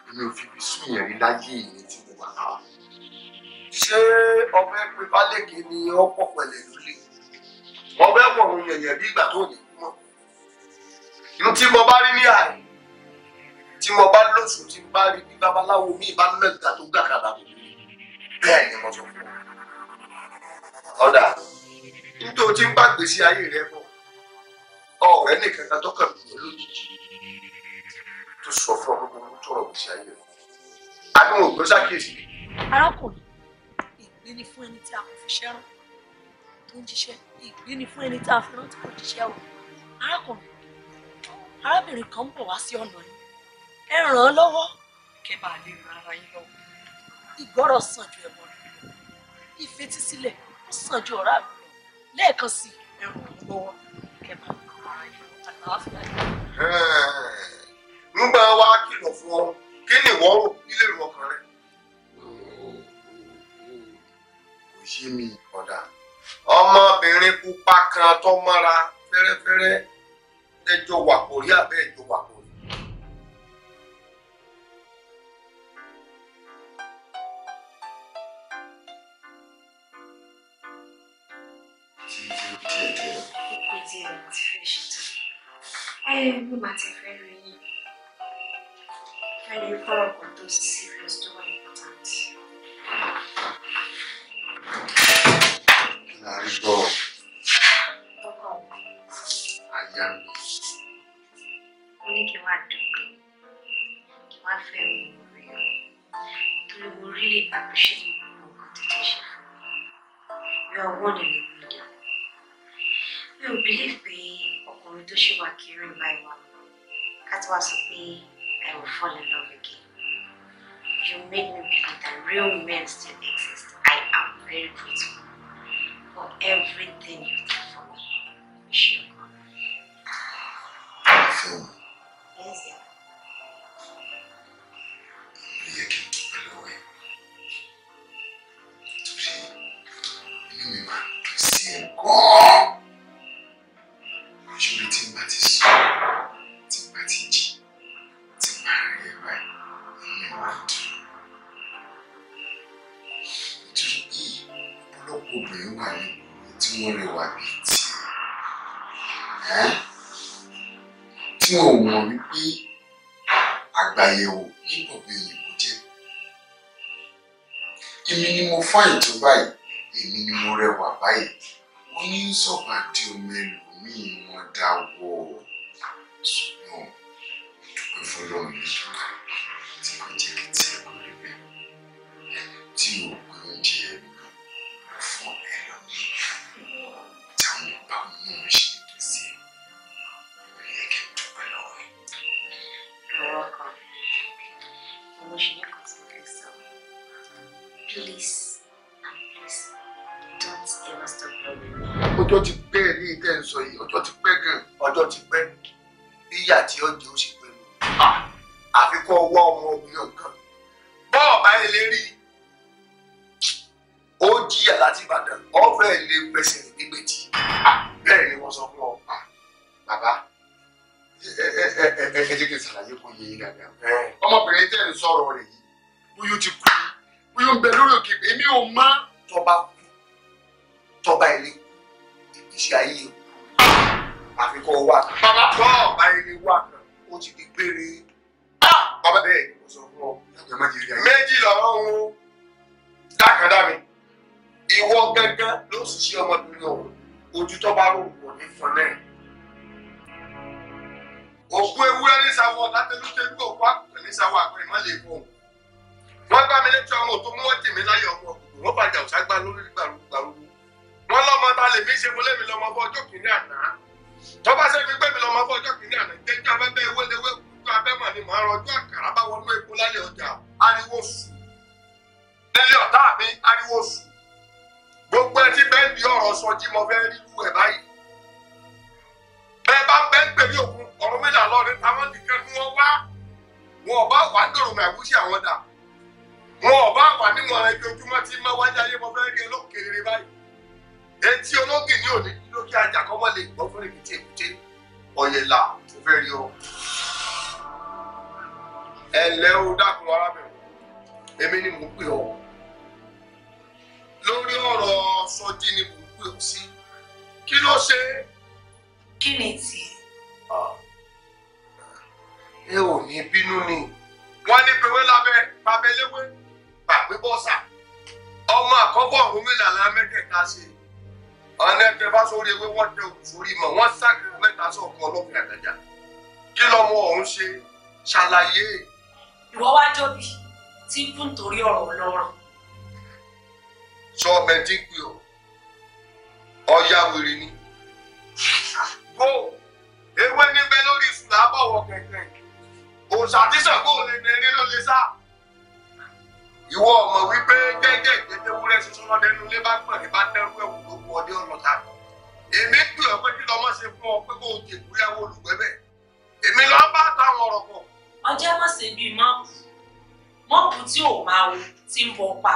èmi ò fi fi sún yẹn rí láyé ìyẹn tí mo wà náà. ṣé ọbẹ̀ pé bálẹ̀kì ni ó pọ̀ pẹ̀lẹ́ lólè ọbẹ̀ wọ̀n yẹ̀yẹ̀ bí ìgbà tó ní kú mọ́. inú mo bá rí ní àárín tí mo bá lóṣù tí bá rí bí babaláwo mi bá mẹ́ta tó gbà kàdà mi bẹ́ẹ̀ ni mo sọ fún ọ. ọ̀dà nítorí tí ń bá gbèsè ayé rẹ bọ̀ ọ̀rẹ́ nìkan kan tó kàn mí lójijì tó sọ fún ọ gbogbo tó rọ̀ gbèsè ayé rẹ. àbí wọn ò gbé sákèsì. arákùnrin ìgbín ni fún ẹni tí a kò fi ṣẹ́ rán tó ń jíṣẹ́ ìgbín ni fún ẹni tí a fi rántí kò jíṣẹ́ o arákùnrin arábìnrin kan ń bọ̀ wá sí ọ̀nà yìí ẹ ràn án lọ́wọ́ kẹ́ bá lè ran ara yín lọ́wọ́ ìgbọ́rọ̀ sàn ju ẹbọ rẹ̀ lọ ìfetísílẹ̀ ó sàn ju ọ̀rá mi lọ lẹ́ẹ̀kan sí ẹ ràn án lọ́wọ́ kẹ́ bá lè ran ara yín lọ́wọ́ àlàáfíà yìí. nígbà wa kìlọ̀ fún ọ kí ni ìwọ rò nílé ìlú ọkàn rẹ. kò yé mi ọ̀dà ọmọbìnrin pupa kan tó mọ́ra fẹ́rẹ́fẹ́rẹ́ ẹjọ́ wà kò rí àbẹ́ ẹjọ́ wà kò mo matter ti fẹ́ when you fẹ́ rí fọ́rọ̀ kan tó serious tó important. Lárúbọ̀ ajá mi. Mo ní kí n wá dùgbẹ́, kí n wá fẹ́ mi rí ọ. Torí mo rí lè bàbá ṣe ní gbogbo nǹkan tó ti ṣe believe pé ọkùnrin tó show me kiri báyìí wà ká tí wàá I will fall in love again you made me believe that real men still exist I am very grateful for everything you ni o ojú tó bá rò kò ní fún náà. òkú ewúrẹ́ ní sáwọ́ tátẹ́lútẹ́lú òkú àkùkù ní sáwọ́ àpẹẹrẹ má lè fún un. wọ́n gbá mi létí ọmọ tó mú wọ́n tì mí láyọ̀ ọmọ òkùnkùn wọ́n bàjẹ́ òṣà gbá lórí gbàrúgbàrúgbù. wọ́n lọ́mọ ta lè mí ṣe mo lé mi lọ́mọ bọ́ ọjọ́ kìíní àná. tó bá ṣe mi gbé mi lọ́mọ bọ́ ọjọ́ kìíní àná jẹ́jọ́ abẹ́bẹ́ ewéléwé kúkú abẹ́mọ̀ ni màá rọjò àkàrà bá wọnú epo lálẹ́ ọjà ariwo sùn. nílé ọ̀tá mi ariwo sùn. gbogbo ẹtí bẹ́ẹ̀ ní ọ̀rọ̀ sọ jí mo fẹ́ rí ẹ̀ báyìí bẹ́ẹ̀ bá bẹ́ẹ̀ ń òkun ọ̀rọ̀ táwọn nìkan ni wọn wà dòrò ẹ̀kú wọn ibi ojúmọ́ tí má mo fẹ́ rí olókèrè báyìí etí olóògì ní òní lókè ajá kọ́mọ́ lè gbọ́ fún èkìtì èkìtì ọ̀yẹ̀là tó fẹ́ rí ọ ẹ̀lẹ́ o dákun èmi ni pè lórí ọ̀rọ̀ sọjí ni mò ń pè ọ́ sí kí ló ṣe. kí ni tí. ẹ ò ní bínú ni. wọ́n ní pèwé lábẹ́ pàbẹ́léwé pàgbé bọ́sà ọmọ àkọ́kọ́ gómìnà lámẹ́tẹ̀ẹ̀ta ṣe ọ̀nà ẹ̀tẹ̀ bá sórí ewé wọ́n tẹ òkú sórí mọ̀ wọ́n sákìrì mẹ́ta sọ̀kan ọlọ́pàá àgbàjá kí lọ́mọ ọ̀hún ṣe ṣàlàyé. ìwọ wá jóbi tí kú nítorí ọ̀rọ̀ ọlọ́rọ̀ sọ ọmọ ẹ ti ń pè ọ ọyá wèrè ni. bó ewé níbẹ̀ lórí ìfúnná bọ̀wọ̀ kẹ̀kẹ́ òòṣà tí Ṣàngó lè mẹ́rin ló lè sá. ìwọ ọmọ wípé jẹ́jẹ́ ìgbẹ́jẹ́ wúrẹ́ tuntun náà dẹnu lé bá gbọ̀n ní bá dẹrú ẹ̀wù ló wọ ọdẹ ọ̀nà ta. èmi pè ọ pé kí lọmọ ṣe fún ọ pé kò jẹ ìgbéyàwó olùgbẹ́ bẹ́ẹ̀ èmi lọ bá táwọn ọ̀rọ̀ pọ̀. ọjọ́ mọ̀sẹ̀ bíi mọ́ọ̀pù mọ́ọ̀pù tí ò máa wo ti ń bọ̀ pa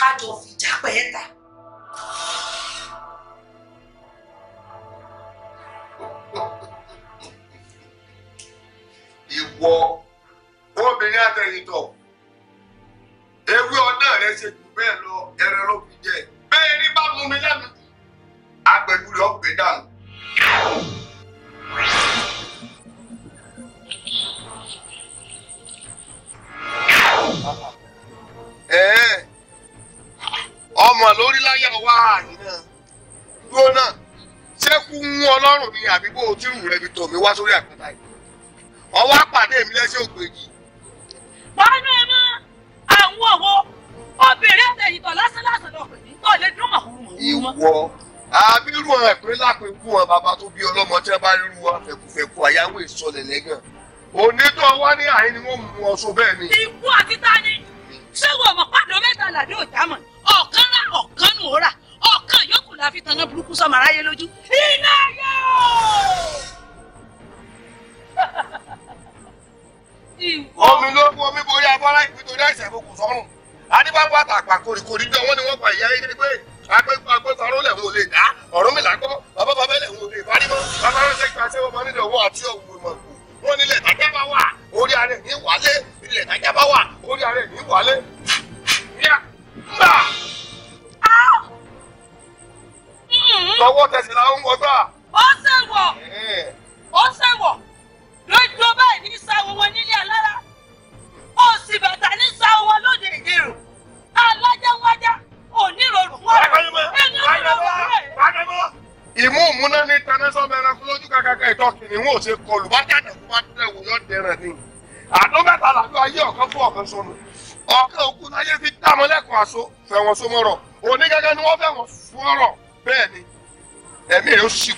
kájọ fìjà pẹ́ẹ́ta. ìwọ obìnrin àtẹ̀yìntọ̀ ewé ọ̀nà rẹ ṣe jù bẹ́ẹ̀ lọ ẹran ló fi jẹ bẹ́ẹ̀ ní bá mú mi lẹ́nu jù ọ̀gbẹ́ dànù. É ọmọ lórí láyà wá àyè dúró náà ṣẹ́kù ń wọ́n lọ́rùn ni àbí bó o tírù rẹ̀ fi tọ̀ mí wá sórí àgbàdá yìí wọ́n wá mi lẹ́sẹ̀ ògbèjì. bọ́nú ẹ mọ́ àwọn òwò obìnrin àtẹ̀yìntọ̀ lásán lásán lọ́kùnrin tó lè dún màkúrú mọ́. ìwọ abirú àwọn ẹ̀pẹ́ wọn bàbá tó bí ọlọ́mọ tí wọ́n bá rírú wọn fẹ̀kùfẹ̀kù àyáwó ìsọlẹ̀ lẹ́gàn. onítọ̀ wá ní àyín ni wọ́n mú ọ so ni. ìkú àti tani ṣé wo ọmọ pàdé mẹ́ta làdé òjá mọ̀ ọ̀kan rà ọ̀kan nù ó rà ọ̀kan yòókù la fi tanná burúkú sọmọ aráyé lójú. iná yẹ o. omi ló kú omi borí abọ́lá nítorí àìsàn ìfokùn sọ́run adébábọ́ àtàpà kòrìkòrì jọ wọ́n ni wọ́n pa ìyá yín ni pé agbẹ́sọ̀rọ̀ lẹ̀ wọ́n ò lè dá ọ̀rọ̀ mi là gbọ́ bàbá bàbá lẹ̀ wọ́n ò lè parí mọ́ bàbá rẹ̀ ṣe gbàṣẹ́ wọ́n nílẹ̀ tájá bá wà orí arẹ ní wálé ilẹ̀ tájá bá wà orí arẹ ní wálé. lọ́wọ́ tẹ̀sí la ń wọ gbà. ó ṣèwọ̀ ó ṣèwọ̀ lójú báyìí ní sáwọ́ wọn nílé alára ó sì bàtà ní sáwọ́ wọn lóde ìdèrò alájáwájá onírọ̀rùn wọn rẹ̀ ìmú ìmúná ní tẹnẹsọ mẹran fún lójú kàkàkà ìtọkìnrin wọn ò ṣe kọlù bá tẹ ni àdó mẹ́ta làdó ayé ọ̀kan fún ọ̀kan sọnù ọ̀kan òkú náyé fi dámọ lẹ́kọ̀ọ́ àṣọ fẹ̀wọ̀n sọmọ́rọ̀ onígẹ́gẹ́ ni wọ́n fẹ̀wọ̀n fún ọ̀rọ̀ bẹ́ẹ̀ ni ẹ̀mí rẹ̀ ó ṣí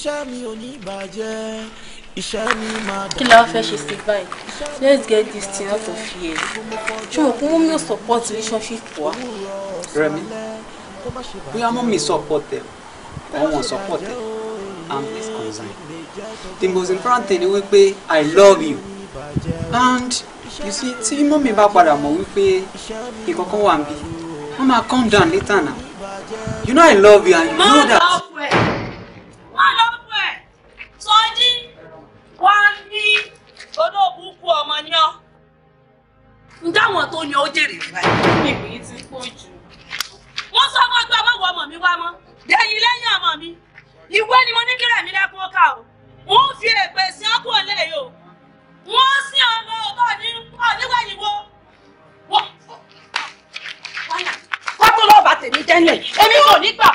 iṣẹ́ mi ò ní bàjẹ́ iṣẹ́ mi máa dàgbé. kí la fẹ́ ṣe sí báyìí let's get this thing out of here ṣé òkú mú mi ò support relationship wa. Rẹ̀mí bóyá mú mi support ẹ ọ̀wọ́n support ẹ i'm less concerned the most important thing ni wípé i love you and you see tí mọ́mí bá padà mọ̀ wípé ìkọ̀kọ̀ wà ń bí wọ́n máa calm down later now you know i love you and you know that. tẹ́lẹ̀ èmi kò ní gbà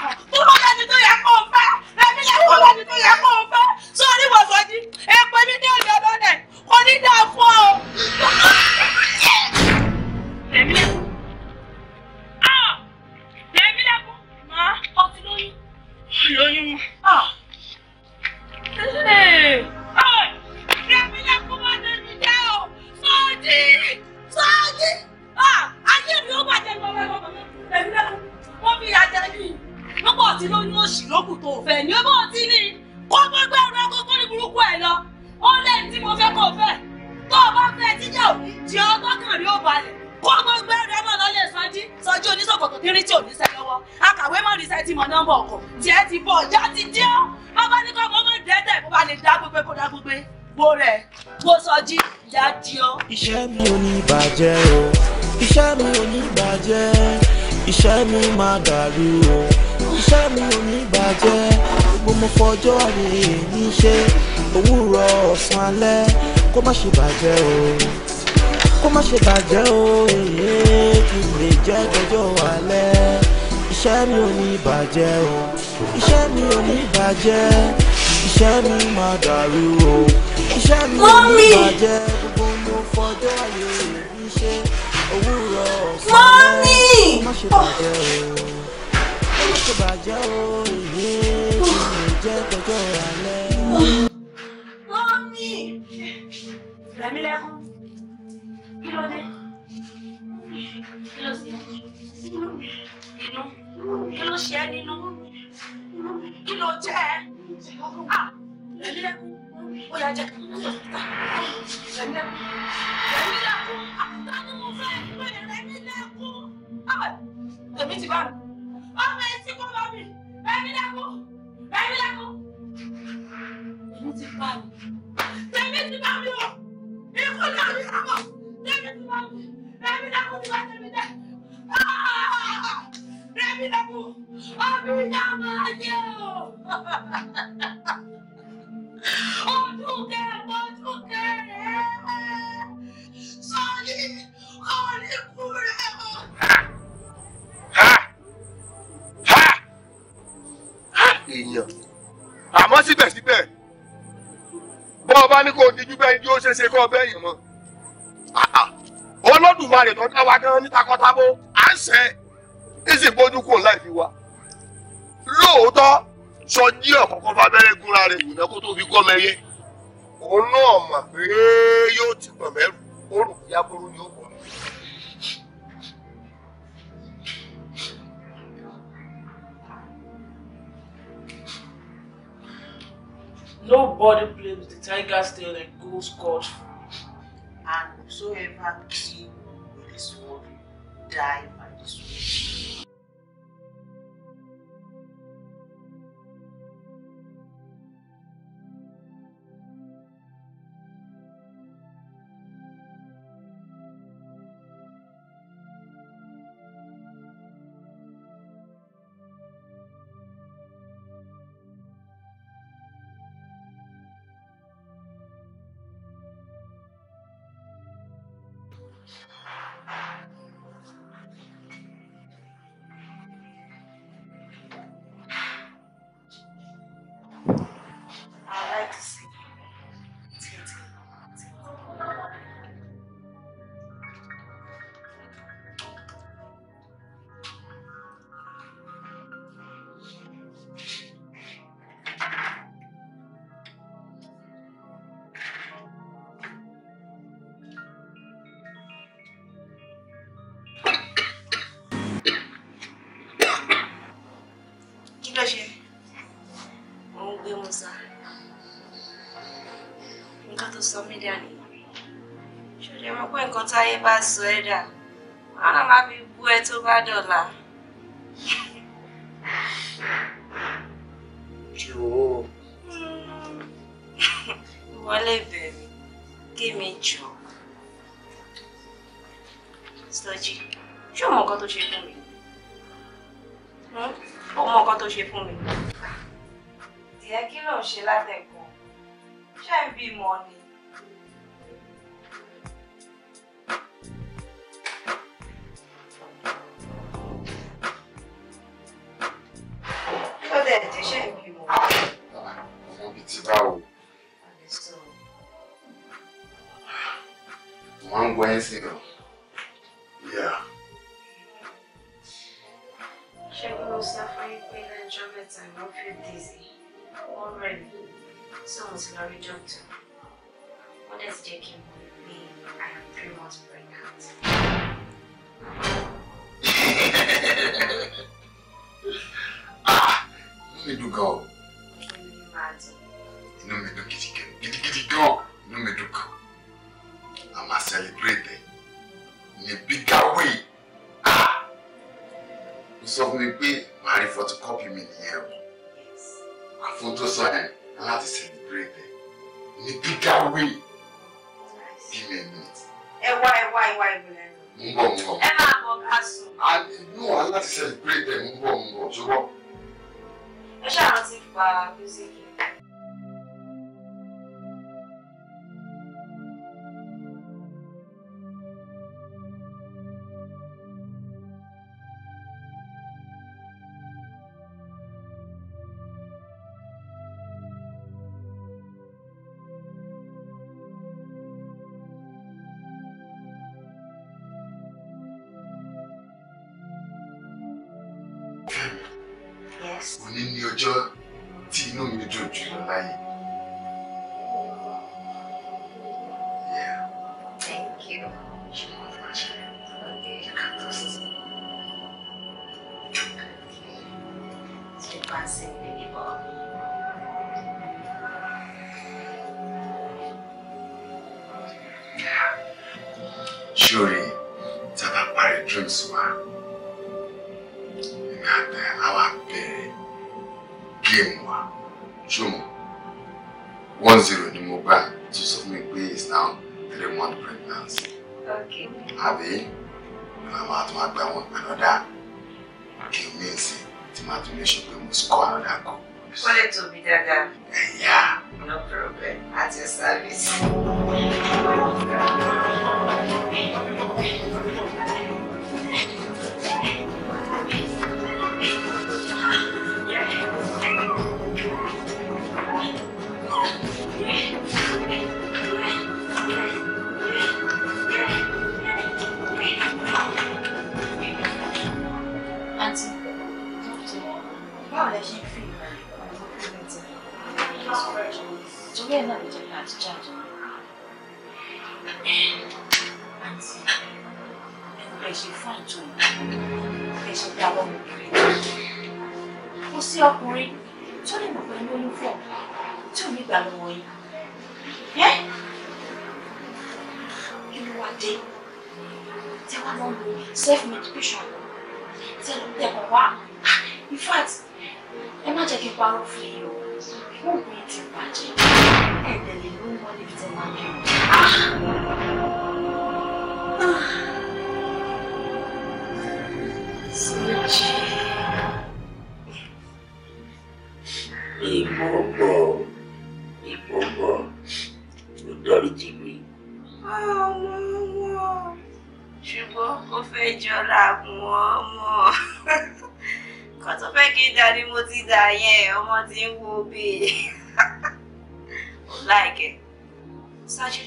bàjẹ́ o iṣẹ́ mi ò ní bàjẹ́ iṣẹ́ mi máa dàrú o iṣẹ́ mi ò ní bàjẹ́ gbogbo mo fọjọ́ mi ní ṣe òwúrọ̀ ọ̀sán alẹ́ kó má ṣe bàjẹ́ o kó má ṣe bàjẹ́ o èyí kì í lè jẹ́ dọjọ́ alẹ́ iṣẹ́ mi ò ní bàjẹ́ o iṣẹ́ mi ò ní bàjẹ́ iṣẹ́ mi máa dàrú o iṣẹ́ mi ò ní bàjẹ́. jẹ́ à ẹ̀mí lẹ́kùn ó yà jẹ́ ẹ̀mí lẹ́kùn ẹ̀mí lẹ́kùn àtàwọn ọmọ fẹ́ pé ẹ̀mí lẹ́kùn ẹ̀mí ti bá mi ọmọ etí kọ́ bá mi ẹ̀mí lẹ́kùn ẹ̀mí lẹ́kùn ẹ̀mí ti bá mi ẹ̀mí ti bá mi o ikú ni àmì àmọ́ Rẹ̀mí lẹ́bù, ọdún yà máa yẹ o. Ọdún kẹ́ ọdún kẹ́ rẹ̀. Sọ́ni orí kú rẹ̀ o. Èèyàn àmọ́ síbẹ̀síbẹ̀ bọ́ ọba ní kò díjú bẹ́ẹ̀ ni ó ṣe ṣe kọ́ ọ bẹ́ẹ̀ yìí mọ́. Olódùmarè tó dá wa gan ní takọtabo à ń sẹ́ ẹ̀ èsì bójú kò láìfi wa lóòótọ́ sọjí ọ̀kọ̀ọ̀kan fa abẹ́rẹ́ gúnra rẹ̀ ìwòná kó tó fi gọ́ mẹ́yẹ òun náà mà pé yóò ti pọ̀ mẹ́rù ó rò kí aburú ni ó Nobody blames the tiger tail and goes God and so ever with will sword die by this sword. sọ mí dànù ṣòdì mọ̀ pé nǹkan táyé bá sọ ẹ́ dà wọn náà má fi bú ẹ tó bá dọ̀la. guys, you know, give me a minute. ẹwà Why? Why? Why? ń bọ̀ ń bọ̀. ẹ máa bọ̀ ká sùn. inú wa láti celebrate ẹ̀ ń bọ̀ ń bọ̀ ṣùgbọ́n. ẹ ṣáà rántí pa music yìí. ṣe fún ètò yìí ẹ ṣe dá lọ́mọbìnrin kò sí ọkùnrin tó lè mọ̀ pé lóyún fọ̀ tí ò ní gbà lọ́wọ́ yìí ẹ́ inú wa dé tẹ wá lọ lo self medication tẹ lọ tẹ kàn wá in fact ẹ má jẹ́ kí n parọ́ fún yìí o oògùn ti bàjẹ́ ẹ̀ẹ́dẹ̀ lè lóyún wọn lè fi tẹ̀ máa ah! kẹ́ ah! ọ́. Sinachi. Ìbọ̀bọ̀ ìbọ̀bọ̀ ló dáríjì mi. Ọmọ ọmọ ṣùgbọ́n ó fẹ́ jọra àwọn ọmọ. Kọ́ tó fẹ́ kí n dà ní mo ti dà yẹn, ọmọ ti ń wo bí. Ó láìkẹ́. Ṣáájú,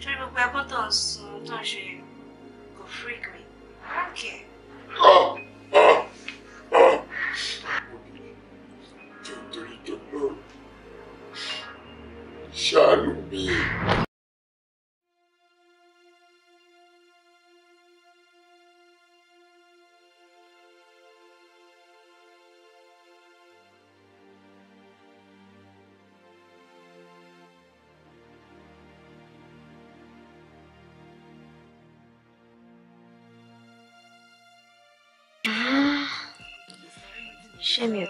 ṣé gbogbo freak me? Okay ṣàánú mi.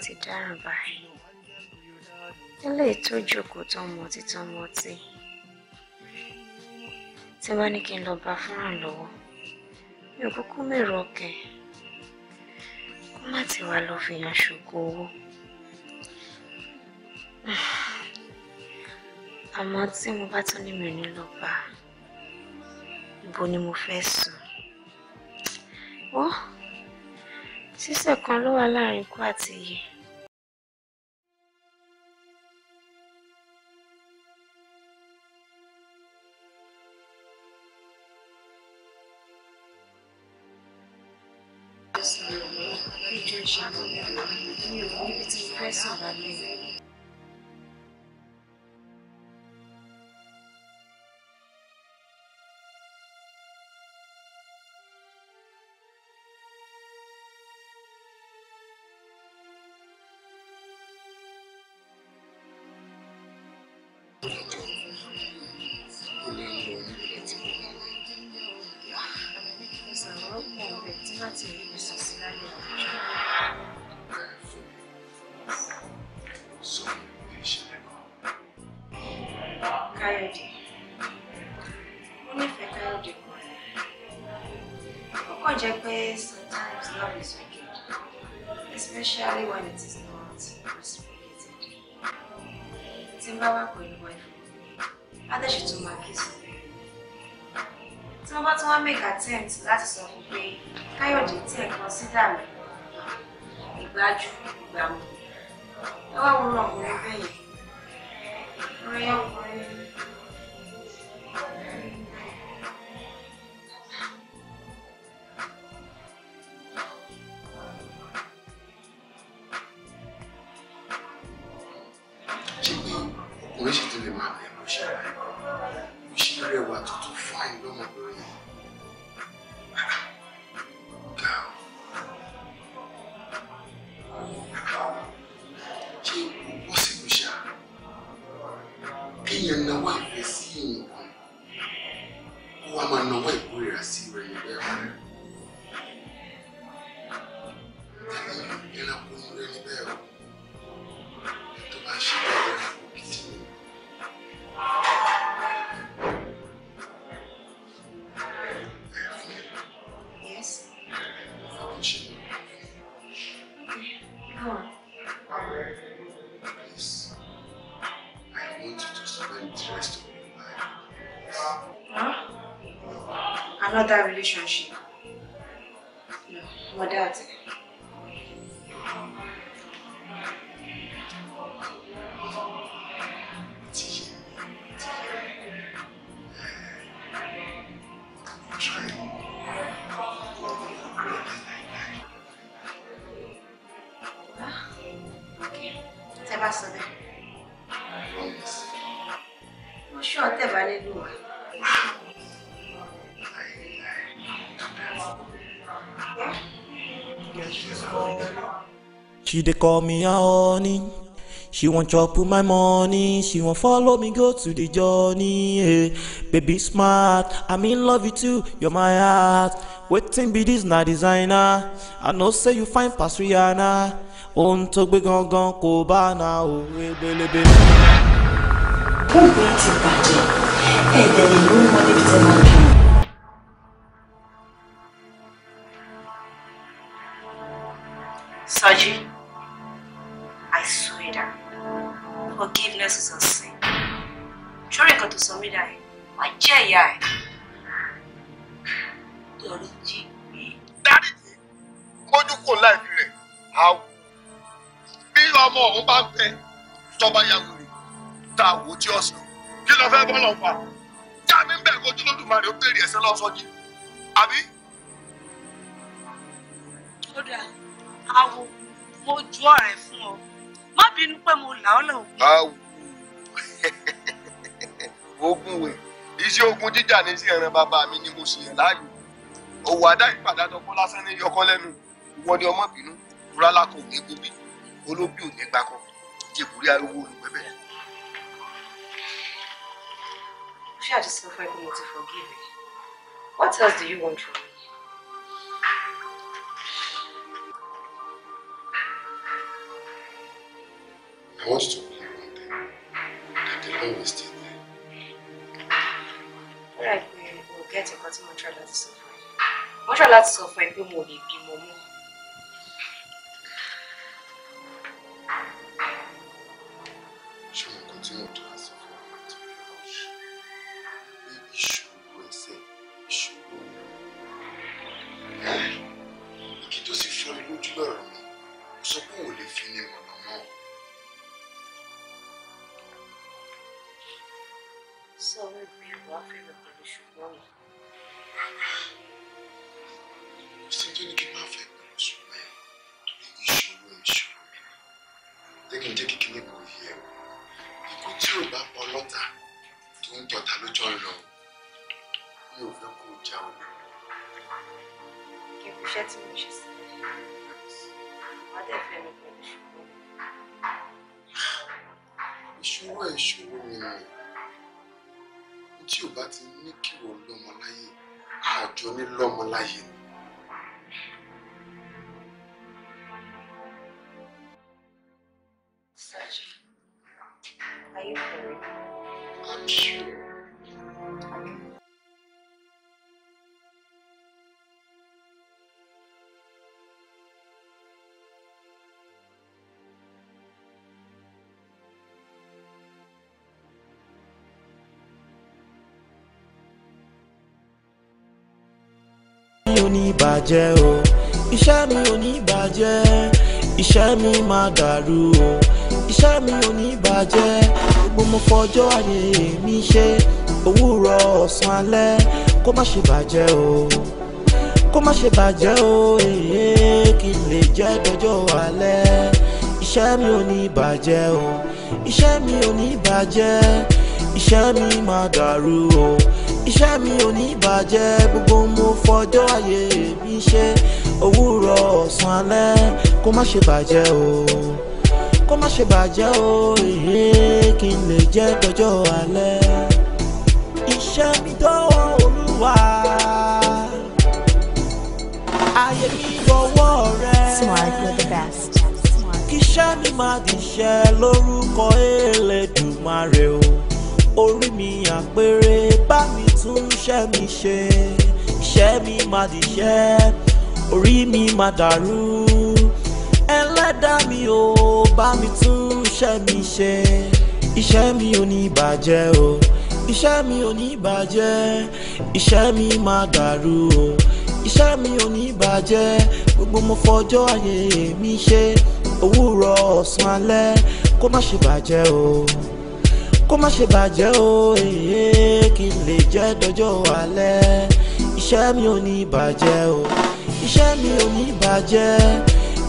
ti dáràn báyìí eléyìí tó jókòó tó mọtí tó mọtí tí wọ́n ní kí n lọ bá fúnra lọ́wọ́ mi ò kúkú mèrò ọkẹ́ kó má ti wá lọ fìyàn ṣògo owó àmọ́ tí mo bá tún ní mi ò ní lọ bá ibo ni mo fẹ́ sùn wọ́n ṣíṣẹ̀ kan ló wà láàrin ikú àti iyè. Amém. attempt láti sọ fún pé káyọ̀dé tí ẹ̀ consider mi ìgbájú ìgbàmù ẹ wá wúrọ̀ ọkùnrin bẹ́yẹn 学习。she dey call me her honey she wan chop my money she wan follow me go to the journey hey, eh. baby smart i'm in love with you you're my heart wetin be this? na designer i know say you fine pass rihanna ohun tó gbé gangan kò bá na òwe belebe. ó gbé ti bàjẹ́ ẹ̀ẹ́dẹ̀ ló ń wọlé fi kódà awo mo ju ọ̀rẹ́ fún ọ má bínú pé mo là ọ́ lọ. awo ogun wẹ iṣẹ́ ogun jíjà ní sí ẹran bàbá mi ni mo ṣe yàn láàyò òwò àdá ìpàdánù ọkọ lásán ní yọkọ lẹ́nu ìwọ ni ọmọ bínú rálá kò ní gbóbi olóbì ò ní gbàkọ jẹbùrí ariwo olùgbẹbẹ. ṣé àdìsí fún ẹ pé mo ti forgive me. what else do you want from me. I want you to believe one thing, that the love is still there. All right, we will get a cutting mutual láti sọ fún ẹ. Mutual láti sọ and ẹ pé mo lè ní bàjẹ́ o iṣẹ́ mi ò ní bàjẹ́ iṣẹ́ mi máa dàrú o iṣẹ́ mi ò ní bàjẹ́ gbogbo mo fọjọ́ ayé mi ṣe òwúrọ̀ ọ̀sán alẹ́ kó má ṣe bàjẹ́ o kó má ṣe bàjẹ́ o èyí kì í lè jẹ́ dọjọ́ alẹ́ iṣẹ́ mi ò o iṣẹ́ mi ò iṣẹ́ mi máa dàrú o iṣẹ́ mi ò ní bàjẹ́ gbogbo mo fọjọ́ ayé mi ṣe òwúrọ̀ ọ̀sán alẹ́ kó má ṣe bàjẹ́ o kó má ṣe bàjẹ́ o èhè kí n lè jẹ́ dọjọ́ alẹ́ iṣẹ́ mi dọ́wọ́ olúwa ayé mi dọ́wọ́ rẹ smart you're the best mi máa dìṣẹ́ lórúkọ Elédùmarè o orí mi àpèrè bá mi tún ṣẹ́ mi ṣe iṣẹ́ mi máa dìṣẹ́ orí mi máa dàrú ẹlẹ́dàá mi ò bá mi tún ṣẹ́ mi ṣe iṣẹ́ mi ò ní bàjẹ́ o iṣẹ́ mi ò ní bàjẹ́ iṣẹ́ mi máa dàrú o iṣẹ́ mi ò ní bàjẹ́ gbogbo mo fọjọ́ ayé mi ṣe òwúrọ̀ ọ̀sán alẹ́ kó má ṣe bàjẹ́ o kó má ṣe bàjẹ́ o èyí kí n lè jẹ́ dọjọ́ alẹ́ iṣẹ́ mi ò ní bàjẹ́ o iṣẹ́ mi ò ní bàjẹ́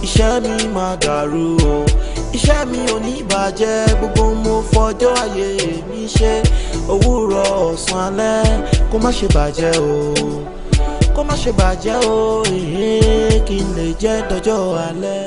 iṣẹ́ mi máa dàrú o iṣẹ́ mi ò ní bàjẹ́ gbogbo mo fọjọ́ ayé mi ṣe òwúrọ̀ ọ̀sán alẹ́ kó má ṣe bàjẹ́ o kó má ṣe bàjẹ́ o èyí kí n lè jẹ́ dọjọ́ alẹ́.